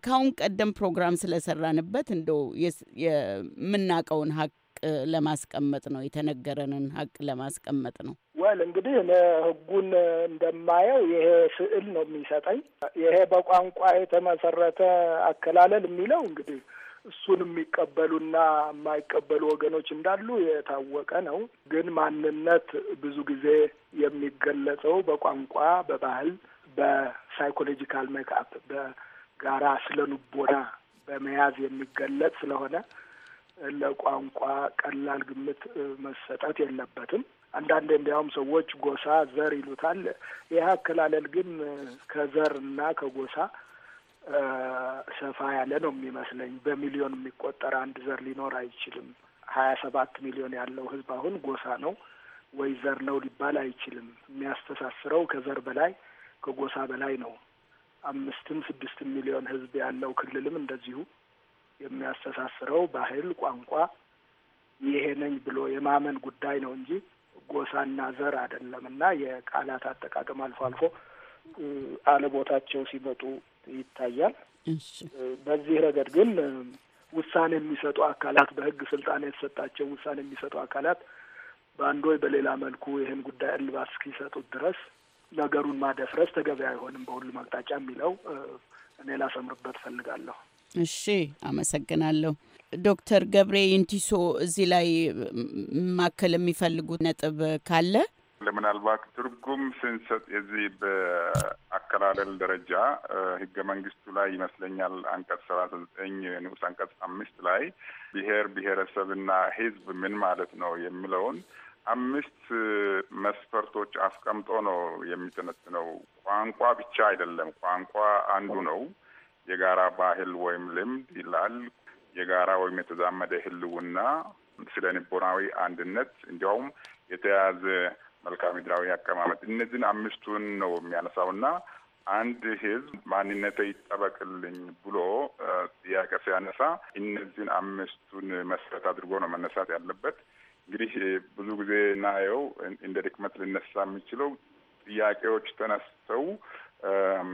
ከአሁን ቀደም ፕሮግራም ስለሰራንበት እንደው የምናቀውን ሀቅ ለማስቀመጥ ነው የተነገረንን ሀቅ ለማስቀመጥ ነው። ወል እንግዲህ እኔ ህጉን እንደማየው ይሄ ስዕል ነው የሚሰጠኝ። ይሄ በቋንቋ የተመሰረተ አከላለል የሚለው እንግዲህ እሱን የሚቀበሉና የማይቀበሉ ወገኖች እንዳሉ የታወቀ ነው። ግን ማንነት ብዙ ጊዜ የሚገለጸው በቋንቋ፣ በባህል፣ በሳይኮሎጂካል ሜካፕ፣ በጋራ ስለ ልቦና በመያዝ የሚገለጽ ስለሆነ ለቋንቋ ቀላል ግምት መሰጠት የለበትም። አንዳንድ እንዲያውም ሰዎች ጎሳ፣ ዘር ይሉታል። ይህ አከላለል ግን ከዘር እና ከጎሳ ሰፋ ያለ ነው የሚመስለኝ። በሚሊዮን የሚቆጠር አንድ ዘር ሊኖር አይችልም። ሀያ ሰባት ሚሊዮን ያለው ህዝብ አሁን ጎሳ ነው ወይ ዘር ነው ሊባል አይችልም። የሚያስተሳስረው ከዘር በላይ ከጎሳ በላይ ነው። አምስትም ስድስትም ሚሊዮን ህዝብ ያለው ክልልም እንደዚሁ የሚያስተሳስረው ባህል፣ ቋንቋ ይሄ ነኝ ብሎ የማመን ጉዳይ ነው እንጂ ጎሳና ዘር አይደለም። እና የቃላት አጠቃቀም አልፎ አልፎ አለቦታቸው ሲመጡ ይታያል። በዚህ ረገድ ግን ውሳኔ የሚሰጡ አካላት በህግ ስልጣን የተሰጣቸው ውሳኔ የሚሰጡ አካላት በአንድ ወይ በሌላ መልኩ ይህን ጉዳይ እልባት እስኪሰጡት ድረስ ነገሩን ማደፍረስ ተገቢ አይሆንም በሁሉም አቅጣጫ የሚለው እኔ ላሰምርበት ፈልጋለሁ። እሺ፣ አመሰግናለሁ ዶክተር ገብሬ ይንቲሶ። እዚህ ላይ ማከል የሚፈልጉት ነጥብ ካለ ምናልባት ትርጉም ስንሰጥ የዚህ በአከላለል ደረጃ ህገ መንግስቱ ላይ ይመስለኛል አንቀጽ ሰላሳ ዘጠኝ ንዑስ አንቀጽ አምስት ላይ ብሔር ብሔረሰብና ህዝብ ምን ማለት ነው የሚለውን አምስት መስፈርቶች አስቀምጦ ነው የሚተነትነው። ቋንቋ ብቻ አይደለም፣ ቋንቋ አንዱ ነው። የጋራ ባህል ወይም ልምድ ይላል። የጋራ ወይም የተዛመደ ህልውና፣ ስነ ልቦናዊ አንድነት እንዲያውም የተያያዘ መልክዓ ምድራዊ አቀማመጥ እነዚህን አምስቱን ነው የሚያነሳውና አንድ ህዝብ ማንነት ይጠበቅልኝ ብሎ ጥያቄ ሲያነሳ እነዚህን አምስቱን መሰረት አድርጎ ነው መነሳት ያለበት። እንግዲህ ብዙ ጊዜ ናየው እንደ ድክመት ልነሳ የሚችለው ጥያቄዎች ተነስተው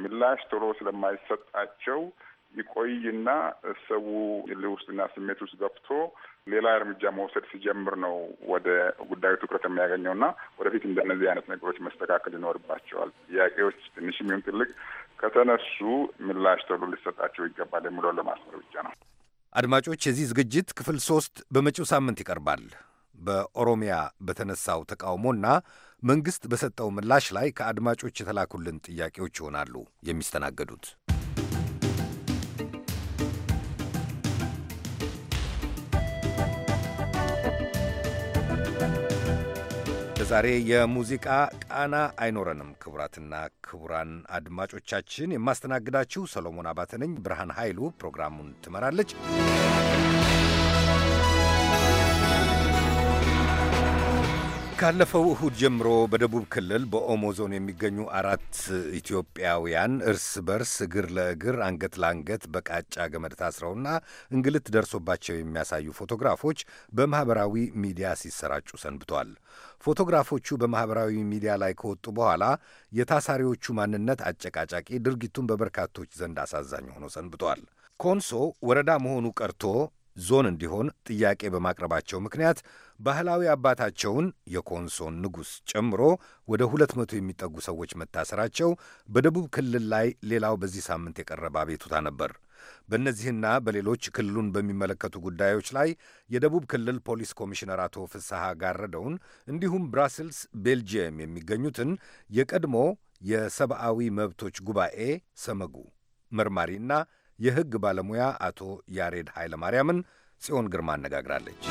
ምላሽ ቶሎ ስለማይሰጣቸው ይቆይና ሰው ልውስጥና ስሜት ውስጥ ገብቶ ሌላ እርምጃ መውሰድ ሲጀምር ነው ወደ ጉዳዩ ትኩረት የሚያገኘውና ወደፊት እንደነዚህ አይነት ነገሮች መስተካከል ይኖርባቸዋል። ጥያቄዎች ትንሽ የሚሆን ትልቅ ከተነሱ ምላሽ ተብሎ ሊሰጣቸው ይገባል የሚለው ለማስመር ብቻ ነው። አድማጮች፣ የዚህ ዝግጅት ክፍል ሶስት በመጪው ሳምንት ይቀርባል። በኦሮሚያ በተነሳው ተቃውሞና መንግሥት በሰጠው ምላሽ ላይ ከአድማጮች የተላኩልን ጥያቄዎች ይሆናሉ የሚስተናገዱት። ዛሬ የሙዚቃ ቃና አይኖረንም። ክቡራትና ክቡራን አድማጮቻችን የማስተናግዳችሁ ሰሎሞን አባተ ነኝ። ብርሃን ኃይሉ ፕሮግራሙን ትመራለች። ካለፈው እሁድ ጀምሮ በደቡብ ክልል በኦሞ ዞን የሚገኙ አራት ኢትዮጵያውያን እርስ በርስ እግር ለእግር አንገት ለአንገት በቃጫ ገመድ ታስረውና እንግልት ደርሶባቸው የሚያሳዩ ፎቶግራፎች በማኅበራዊ ሚዲያ ሲሰራጩ ሰንብቷል። ፎቶግራፎቹ በማኅበራዊ ሚዲያ ላይ ከወጡ በኋላ የታሳሪዎቹ ማንነት አጨቃጫቂ፣ ድርጊቱን በበርካቶች ዘንድ አሳዛኝ ሆኖ ሰንብቷል። ኮንሶ ወረዳ መሆኑ ቀርቶ ዞን እንዲሆን ጥያቄ በማቅረባቸው ምክንያት ባህላዊ አባታቸውን የኮንሶን ንጉሥ ጨምሮ ወደ ሁለት መቶ የሚጠጉ ሰዎች መታሰራቸው በደቡብ ክልል ላይ ሌላው በዚህ ሳምንት የቀረበ አቤቱታ ነበር። በእነዚህና በሌሎች ክልሉን በሚመለከቱ ጉዳዮች ላይ የደቡብ ክልል ፖሊስ ኮሚሽነር አቶ ፍስሐ ጋረደውን እንዲሁም ብራስልስ ቤልጅየም የሚገኙትን የቀድሞ የሰብአዊ መብቶች ጉባኤ ሰመጉ መርማሪና የሕግ ባለሙያ አቶ ያሬድ ኃይለማርያምን ጽዮን ግርማ አነጋግራለች።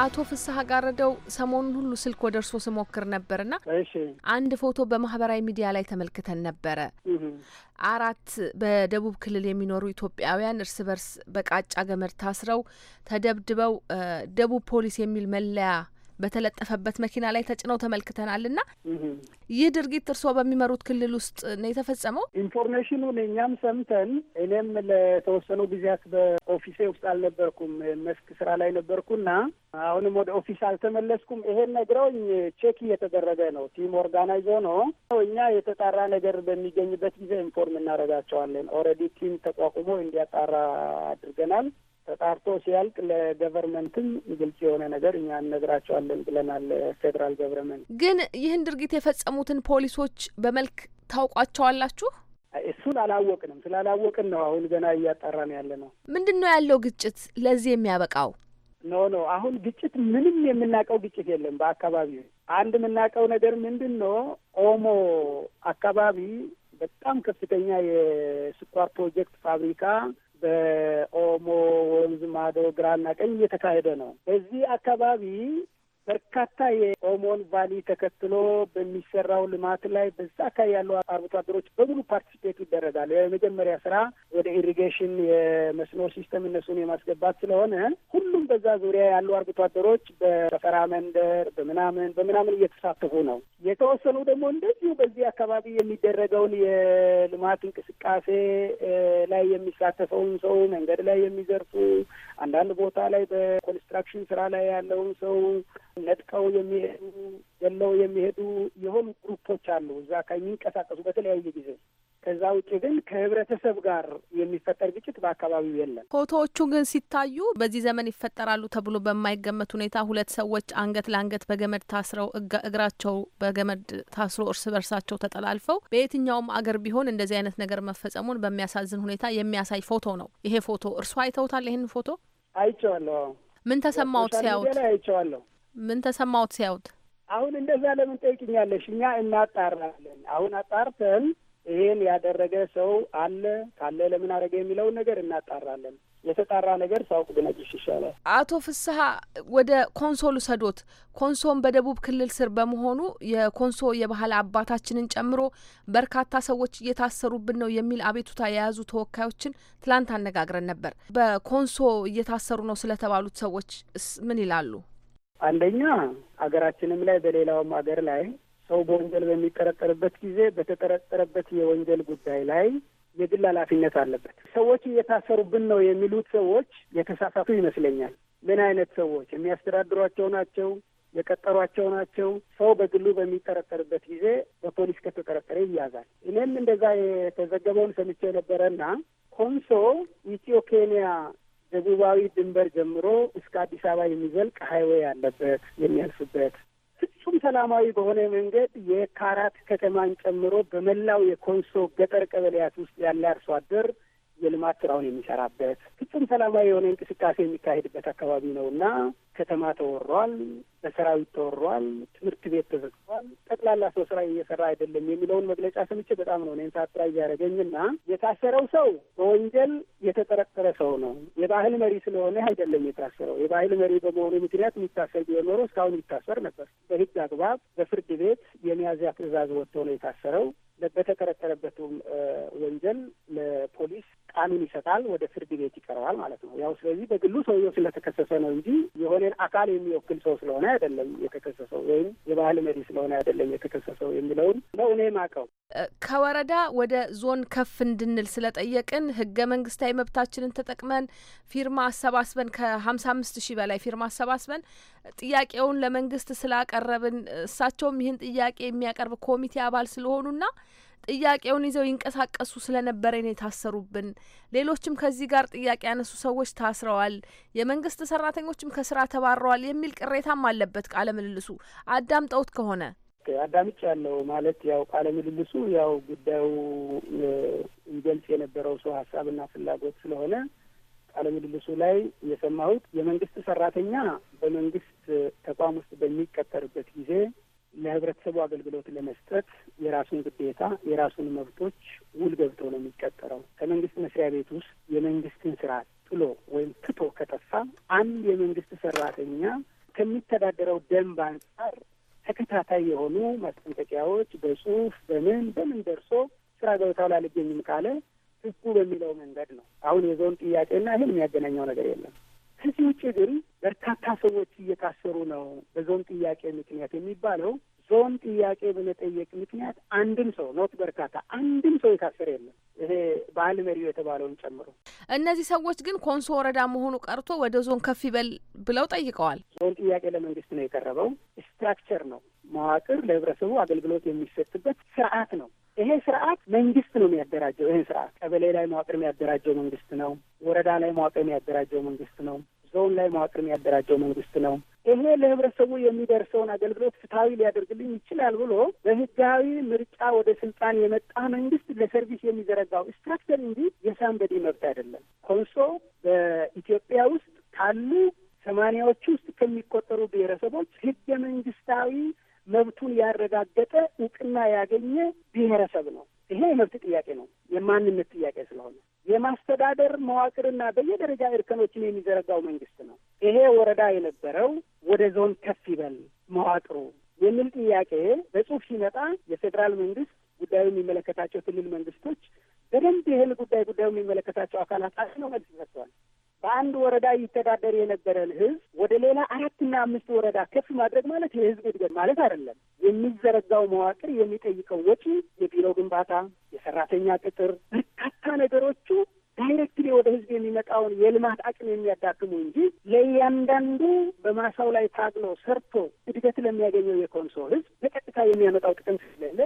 አቶ ፍስሀ ጋረደው ሰሞኑን ሁሉ ስልክ ወደ እርስዎ ስሞክር ነበርና አንድ ፎቶ በማህበራዊ ሚዲያ ላይ ተመልክተን ነበረ። አራት በደቡብ ክልል የሚኖሩ ኢትዮጵያውያን እርስ በርስ በቃጫ ገመድ ታስረው ተደብድበው ደቡብ ፖሊስ የሚል መለያ በተለጠፈበት መኪና ላይ ተጭነው ተመልክተናል። እና ይህ ድርጊት እርስዎ በሚመሩት ክልል ውስጥ ነው የተፈጸመው? ኢንፎርሜሽኑን እኛም ሰምተን፣ እኔም ለተወሰኑ ጊዜያት በኦፊሴ ውስጥ አልነበርኩም፣ መስክ ስራ ላይ ነበርኩና አሁንም ወደ ኦፊስ አልተመለስኩም። ይሄን ነግረውኝ ቼክ እየተደረገ ነው። ቲም ኦርጋናይዞ ነው። እኛ የተጣራ ነገር በሚገኝበት ጊዜ ኢንፎርም እናደርጋቸዋለን። ኦልሬዲ ቲም ተቋቁሞ እንዲያጣራ አድርገናል። ተጣርቶ ሲያልቅ ለገቨርንመንትም ግልጽ የሆነ ነገር እኛ እነግራቸዋለን ብለናል። ፌዴራል ገቨርንመንት ግን ይህን ድርጊት የፈጸሙትን ፖሊሶች በመልክ ታውቋቸዋላችሁ? እሱን አላወቅንም። ስላላወቅን ነው አሁን ገና እያጣራን ያለ ነው። ምንድን ነው ያለው ግጭት ለዚህ የሚያበቃው? ኖ ኖ አሁን ግጭት ምንም የምናውቀው ግጭት የለም በአካባቢው። አንድ የምናውቀው ነገር ምንድን ነው ኦሞ አካባቢ በጣም ከፍተኛ የስኳር ፕሮጀክት ፋብሪካ በኦሞ ወንዝ ማዶ ግራና ቀኝ እየተካሄደ ነው። በዚህ አካባቢ በርካታ የኦሞን ቫሊ ተከትሎ በሚሰራው ልማት ላይ በዛ አካባቢ ያሉ አርብቶ አደሮች በሙሉ ፓርቲስፔቱ ይደረጋሉ። የመጀመሪያ ስራ ወደ ኢሪጌሽን የመስኖ ሲስተም እነሱን የማስገባት ስለሆነ ሁሉም በዛ ዙሪያ ያሉ አርብቶ አደሮች በፈራ መንደር በምናምን በምናምን እየተሳተፉ ነው። የተወሰኑ ደግሞ እንደዚሁ በዚህ አካባቢ የሚደረገውን የልማት እንቅስቃሴ ላይ የሚሳተፈውን ሰው መንገድ ላይ የሚዘርፉ አንዳንድ ቦታ ላይ በኮንስትራክሽን ስራ ላይ ያለውን ሰው ነጥቀው የሚሄዱ ገለው የሚሄዱ የሆኑ ግሩፖች አሉ እዛ ከሚንቀሳቀሱ በተለያየ ጊዜ ከዛ ውጭ ግን ከህብረተሰብ ጋር የሚፈጠር ግጭት በአካባቢው የለም። ፎቶዎቹ ግን ሲታዩ በዚህ ዘመን ይፈጠራሉ ተብሎ በማይገመት ሁኔታ ሁለት ሰዎች አንገት ለአንገት በገመድ ታስረው እግራቸው በገመድ ታስሮ እርስ በርሳቸው ተጠላልፈው በየትኛውም አገር ቢሆን እንደዚህ አይነት ነገር መፈጸሙን በሚያሳዝን ሁኔታ የሚያሳይ ፎቶ ነው። ይሄ ፎቶ እርሱ አይተውታል? ይህን ፎቶ አይቼዋለሁ። ምን ተሰማዎት ሲያዩት? አይቼዋለሁ ምን ተሰማውት ሲያዩት? አሁን እንደዛ ለምን ጠይቅኛለሽ? እኛ እናጣራለን። አሁን አጣርተን ይሄን ያደረገ ሰው አለ ካለ ለምን አደረገ የሚለውን ነገር እናጣራለን። የተጣራ ነገር ሳውቅ ብነግርሽ ይሻላል። አቶ ፍስሀ ወደ ኮንሶ ልውሰዶት። ኮንሶን በደቡብ ክልል ስር በመሆኑ የኮንሶ የባህል አባታችንን ጨምሮ በርካታ ሰዎች እየታሰሩብን ነው የሚል አቤቱታ የያዙ ተወካዮችን ትላንት አነጋግረን ነበር። በኮንሶ እየታሰሩ ነው ስለተባሉት ሰዎች ምን ይላሉ? አንደኛ አገራችንም ላይ በሌላውም አገር ላይ ሰው በወንጀል በሚጠረጠርበት ጊዜ በተጠረጠረበት የወንጀል ጉዳይ ላይ የግል ኃላፊነት አለበት። ሰዎች እየታሰሩብን ነው የሚሉት ሰዎች የተሳሳቱ ይመስለኛል። ምን አይነት ሰዎች የሚያስተዳድሯቸው ናቸው? የቀጠሯቸው ናቸው? ሰው በግሉ በሚጠረጠርበት ጊዜ በፖሊስ ከተጠረጠረ ይያዛል። እኔም እንደዛ የተዘገበውን ሰምቼ ነበረና ኮንሶ ኢትዮ ኬንያ ደቡባዊ ድንበር ጀምሮ እስከ አዲስ አበባ የሚዘልቅ ሀይዌ ያለበት የሚያልፍበት ፍጹም ሰላማዊ በሆነ መንገድ የካራት ከተማን ጨምሮ በመላው የኮንሶ ገጠር ቀበሌያት ውስጥ ያለ አርሶ አደር የልማት ስራውን የሚሰራበት ፍጹም ሰላማዊ የሆነ እንቅስቃሴ የሚካሄድበት አካባቢ ነው እና ከተማ ተወሯል፣ በሰራዊት ተወሯል፣ ትምህርት ቤት ተዘግቷል፣ ጠቅላላ ሰው ስራ እየሰራ አይደለም የሚለውን መግለጫ ሰምቼ በጣም ነው እኔን ሳፕራይዝ እያደረገኝ እና የታሰረው ሰው በወንጀል የተጠረጠረ ሰው ነው። የባህል መሪ ስለሆነ አይደለም የታሰረው። የባህል መሪ በመሆኑ ምክንያት የሚታሰር ቢሆን ኖሮ እስካሁን ይታሰር ነበር። በህግ አግባብ በፍርድ ቤት የሚያዝያ ትዕዛዝ ወጥቶ ነው የታሰረው። በተጠረጠረበት ወንጀል ለፖሊስ ቃሚን ይሰጣል፣ ወደ ፍርድ ቤት ይቀርባል ማለት ነው። ያው ስለዚህ በግሉ ሰውየው ስለተከሰሰ ነው እንጂ የሆነን አካል የሚወክል ሰው ስለሆነ አይደለም የተከሰሰው ወይም የባህል መሪ ስለሆነ አይደለም የተከሰሰው የሚለውን ነው እኔ ማቀው። ከወረዳ ወደ ዞን ከፍ እንድንል ስለጠየቅን ህገ መንግስታዊ መብታችንን ተጠቅመን ፊርማ አሰባስበን ከሀምሳ አምስት ሺህ በላይ ፊርማ አሰባስበን ጥያቄውን ለመንግስት ስላቀረብን እሳቸውም ይህን ጥያቄ የሚያቀርብ ኮሚቴ አባል ስለሆኑና ጥያቄውን ይዘው ይንቀሳቀሱ ስለነበረ ነው የታሰሩብን። ሌሎችም ከዚህ ጋር ጥያቄ ያነሱ ሰዎች ታስረዋል፣ የመንግስት ሰራተኞችም ከስራ ተባረዋል የሚል ቅሬታም አለበት። ቃለ ምልልሱ አዳምጠውት ከሆነ አዳምጭ ያለው ማለት ያው ቃለ ምልልሱ ያው ጉዳዩ እንገልጽ የነበረው ሰው ሀሳብና ፍላጎት ስለሆነ ቃለ ምልልሱ ላይ የሰማሁት የመንግስት ሰራተኛ በመንግስት ተቋም ውስጥ በሚቀጠርበት ጊዜ ለህብረተሰቡ አገልግሎት ለመስጠት የራሱን ግዴታ የራሱን መብቶች ውል ገብቶ ነው የሚቀጠረው። ከመንግስት መስሪያ ቤት ውስጥ የመንግስትን ስራ ጥሎ ወይም ትቶ ከጠፋ አንድ የመንግስት ሰራተኛ ከሚተዳደረው ደንብ አንጻር ተከታታይ የሆኑ ማስጠንቀቂያዎች በጽሁፍ በምን በምን ደርሶ ስራ ገበታው ላይ አልገኝም ካለ ህጉ በሚለው መንገድ ነው። አሁን የዞን ጥያቄና ይህን የሚያገናኘው ነገር የለም። ከዚህ ውጭ ግን በርካታ ሰዎች እየታሰሩ ነው በዞን ጥያቄ ምክንያት የሚባለው ዞን ጥያቄ በመጠየቅ ምክንያት አንድም ሰው ኖት በርካታ አንድም ሰው የታሰረ የለም። ይሄ ባህል መሪው የተባለውን ጨምሮ እነዚህ ሰዎች ግን ኮንሶ ወረዳ መሆኑ ቀርቶ ወደ ዞን ከፍ ይበል ብለው ጠይቀዋል። ዞን ጥያቄ ለመንግስት ነው የቀረበው። ስትራክቸር ነው መዋቅር ለህብረተሰቡ አገልግሎት የሚሰጥበት ስርዓት ነው። ይሄ ስርዓት መንግስት ነው የሚያደራጀው። ይህን ስርዓት ቀበሌ ላይ መዋቅር የሚያደራጀው መንግስት ነው። ወረዳ ላይ መዋቅር የሚያደራጀው መንግስት ነው። ዞን ላይ መዋቅር የሚያደራጀው መንግስት ነው። ይሄ ለህብረተሰቡ የሚደርሰውን አገልግሎት ፍትሐዊ ሊያደርግልኝ ይችላል ብሎ በህጋዊ ምርጫ ወደ ስልጣን የመጣ መንግስት ለሰርቪስ የሚዘረጋው ስትራክቸር እንጂ የሳንበዲ መብት አይደለም። ኮንሶ በኢትዮጵያ ውስጥ ካሉ ሰማንያዎች ውስጥ ከሚቆጠሩ ብሔረሰቦች ህገ መንግስታዊ መብቱን ያረጋገጠ እውቅና ያገኘ ብሔረሰብ ነው። ይሄ የመብት ጥያቄ ነው፣ የማንነት ጥያቄ ስለሆነ የማስተዳደር መዋቅርና በየደረጃ እርከኖችን የሚዘረጋው መንግስት ነው። ይሄ ወረዳ የነበረው ወደ ዞን ከፍ ይበል መዋቅሩ የሚል ጥያቄ በጽሁፍ ሲመጣ የፌዴራል መንግስት ጉዳዩ የሚመለከታቸው ክልል መንግስቶች በደንብ ይህን ጉዳይ ጉዳዩ የሚመለከታቸው አካላት አስነው መልስ ይሰጥቷል። በአንድ ወረዳ ይተዳደር የነበረን ህዝብ ወደ ሌላ አራትና አምስት ወረዳ ከፍ ማድረግ ማለት የህዝብ እድገት ማለት አይደለም። የሚዘረጋው መዋቅር የሚጠይቀው ወጪ፣ የቢሮ ግንባታ፣ የሰራተኛ ቅጥር፣ በርካታ ነገሮቹ ዳይሬክትሊ ወደ ህዝብ የሚመጣውን የልማት አቅም የሚያዳክሙ እንጂ ለእያንዳንዱ በማሳው ላይ ታግሎ ሰርቶ እድገት ለሚያገኘው የኮንሶ ህዝብ በቀጥታ የሚያመጣው ጥቅም ስለሌለ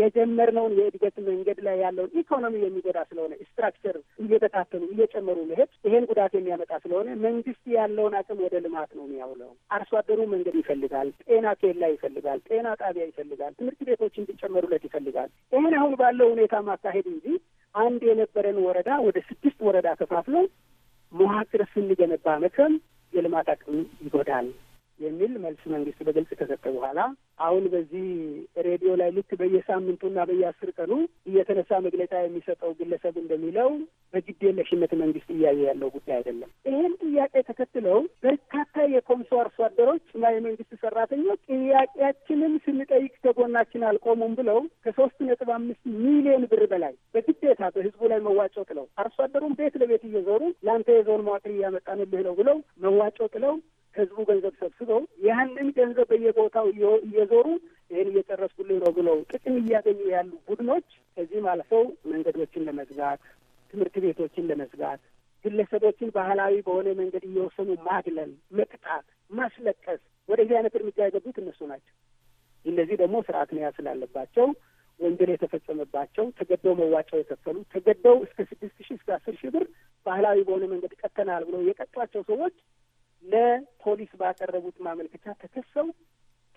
የጀመርነውን የእድገት መንገድ ላይ ያለውን ኢኮኖሚ የሚጎዳ ስለሆነ ስትራክቸር እየተታተኑ እየጨመሩ መሄድ ይሄን ጉዳት የሚያመጣ ስለሆነ መንግስት ያለውን አቅም ወደ ልማት ነው የሚያውለው። አርሶ አደሩ መንገድ ይፈልጋል፣ ጤና ኬላ ይፈልጋል፣ ጤና ጣቢያ ይፈልጋል፣ ትምህርት ቤቶች እንዲጨመሩለት ይፈልጋል። ይህን አሁን ባለው ሁኔታ ማካሄድ እንጂ አንድ የነበረን ወረዳ ወደ ስድስት ወረዳ ከፋፍለው መዋቅር ስንገነባ መክረም የልማት አቅም ይጎዳል። የሚል መልስ መንግስት በግልጽ ከሰጠ በኋላ አሁን በዚህ ሬዲዮ ላይ ልክ በየሳምንቱና በየአስር ቀኑ እየተነሳ መግለጫ የሚሰጠው ግለሰብ እንደሚለው በግዴለሽነት መንግስት እያየ ያለው ጉዳይ አይደለም። ይህን ጥያቄ ተከትለው በርካታ የኮንሶ አርሶ አደሮች እና የመንግስት ሰራተኞች ጥያቄያችንን ስንጠይቅ ከጎናችን አልቆሙም ብለው ከሶስት ነጥብ አምስት ሚሊዮን ብር በላይ በግዴታ በህዝቡ ላይ መዋጮ ጥለው አርሶ አደሩን ቤት ለቤት እየዞሩ ለአንተ የዞን መዋቅር እያመጣንልህ ነው ብለው መዋጮ ጥለው ህዝቡ ገንዘብ ሰብስበው ያንን ገንዘብ በየቦታው እየዞሩ ይህን እየጨረስኩልኝ ነው ብለው ጥቅም እያገኙ ያሉ ቡድኖች ከዚህም አልፈው መንገዶችን ለመዝጋት፣ ትምህርት ቤቶችን ለመዝጋት፣ ግለሰቦችን ባህላዊ በሆነ መንገድ እየወሰኑ ማግለል፣ መቅጣት፣ ማስለቀስ ወደዚህ አይነት እርምጃ የገቡት እነሱ ናቸው። እነዚህ ደግሞ ስርዓት መያዝ ስላለባቸው ወንጀል የተፈጸመባቸው ተገደው መዋጫው የከፈሉ ተገደው እስከ ስድስት ሺህ እስከ አስር ሺህ ብር ባህላዊ በሆነ መንገድ ቀጥተናል ብለው የቀጧቸው ሰዎች ለፖሊስ ባቀረቡት ማመልከቻ ተከሰው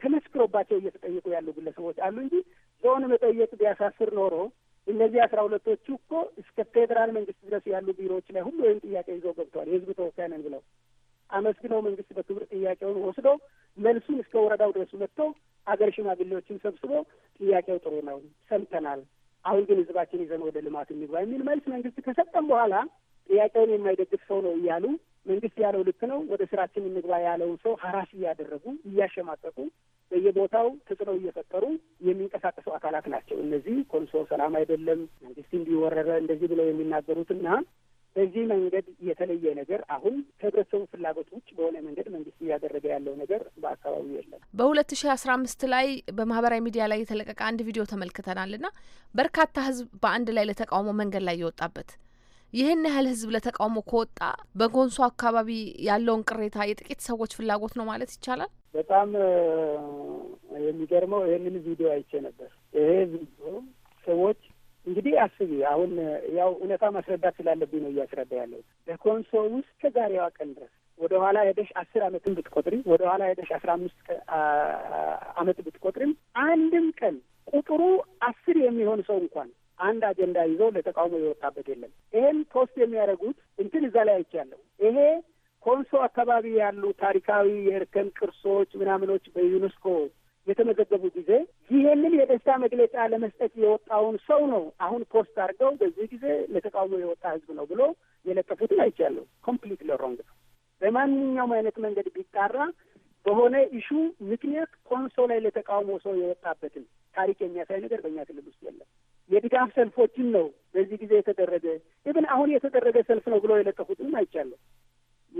ተመስክሮባቸው እየተጠየቁ ያሉ ግለሰቦች አሉ እንጂ ዞን መጠየቅ ቢያሳስር ኖሮ እነዚህ አስራ ሁለቶቹ እኮ እስከ ፌዴራል መንግስት ድረስ ያሉ ቢሮዎች ላይ ሁሉ ወይም ጥያቄ ይዘው ገብተዋል። የህዝብ ተወካይ ነን ብለው አመስግነው መንግስት በክብር ጥያቄውን ወስዶ መልሱን እስከ ወረዳው ድረስ መጥቶ አገር ሽማግሌዎችን ሰብስቦ ጥያቄው ጥሩ ነው ሰምተናል፣ አሁን ግን ህዝባችን ይዘን ወደ ልማት እንግባ የሚል መልስ መንግስት ከሰጠም በኋላ ጥያቄውን የማይደግፍ ሰው ነው እያሉ መንግስት ያለው ልክ ነው፣ ወደ ስራችን እንግባ ያለውን ሰው ሀራስ እያደረጉ እያሸማቀቁ በየቦታው ተጽዕኖ እየፈጠሩ የሚንቀሳቀሱ አካላት ናቸው። እነዚህ ኮንሶ ሰላም አይደለም መንግስት እንዲወረረ እንደዚህ ብለው የሚናገሩት እና በዚህ መንገድ የተለየ ነገር አሁን ከህብረተሰቡ ፍላጎት ውጭ በሆነ መንገድ መንግስት እያደረገ ያለው ነገር በአካባቢው የለም። በሁለት ሺ አስራ አምስት ላይ በማህበራዊ ሚዲያ ላይ የተለቀቀ አንድ ቪዲዮ ተመልክተናል እና በርካታ ህዝብ በአንድ ላይ ለተቃውሞ መንገድ ላይ የወጣበት ይህን ያህል ህዝብ ለተቃውሞ ከወጣ በኮንሶ አካባቢ ያለውን ቅሬታ የጥቂት ሰዎች ፍላጎት ነው ማለት ይቻላል። በጣም የሚገርመው ይህንን ቪዲዮ አይቼ ነበር። ይሄ ቪዲዮ ሰዎች እንግዲህ አስቢ አሁን ያው እውነታ ማስረዳት ስላለብኝ ነው እያስረዳ ያለው በኮንሶ ውስጥ ከዛሬዋ ቀን ድረስ ወደ ኋላ ሄደሽ አስር አመትን ብትቆጥሪ ወደ ኋላ ሄደሽ አስራ አምስት አመት ብትቆጥሪም አንድም ቀን ቁጥሩ አስር የሚሆን ሰው እንኳን አንድ አጀንዳ ይዞ ለተቃውሞ የወጣበት የለም። ይሄን ፖስት የሚያደርጉት እንትን እዛ ላይ አይቻለሁ። ይሄ ኮንሶ አካባቢ ያሉ ታሪካዊ የእርከን ቅርሶች ምናምኖች በዩኔስኮ የተመዘገቡ ጊዜ ይሄንን የደስታ መግለጫ ለመስጠት የወጣውን ሰው ነው አሁን ፖስት አድርገው በዚህ ጊዜ ለተቃውሞ የወጣ ህዝብ ነው ብሎ የለጠፉትን አይቻለሁ። ኮምፕሊት ለሮንግ ነው። በማንኛውም አይነት መንገድ ቢጣራ በሆነ ኢሹ ምክንያት ኮንሶ ላይ ለተቃውሞ ሰው የወጣበትን ታሪክ የሚያሳይ ነገር በእኛ ክልል ውስጥ የለም። የድጋፍ ሰልፎችን ነው በዚህ ጊዜ የተደረገ ይብን አሁን የተደረገ ሰልፍ ነው ብሎ የለጠፉትንም አይቻለሁ።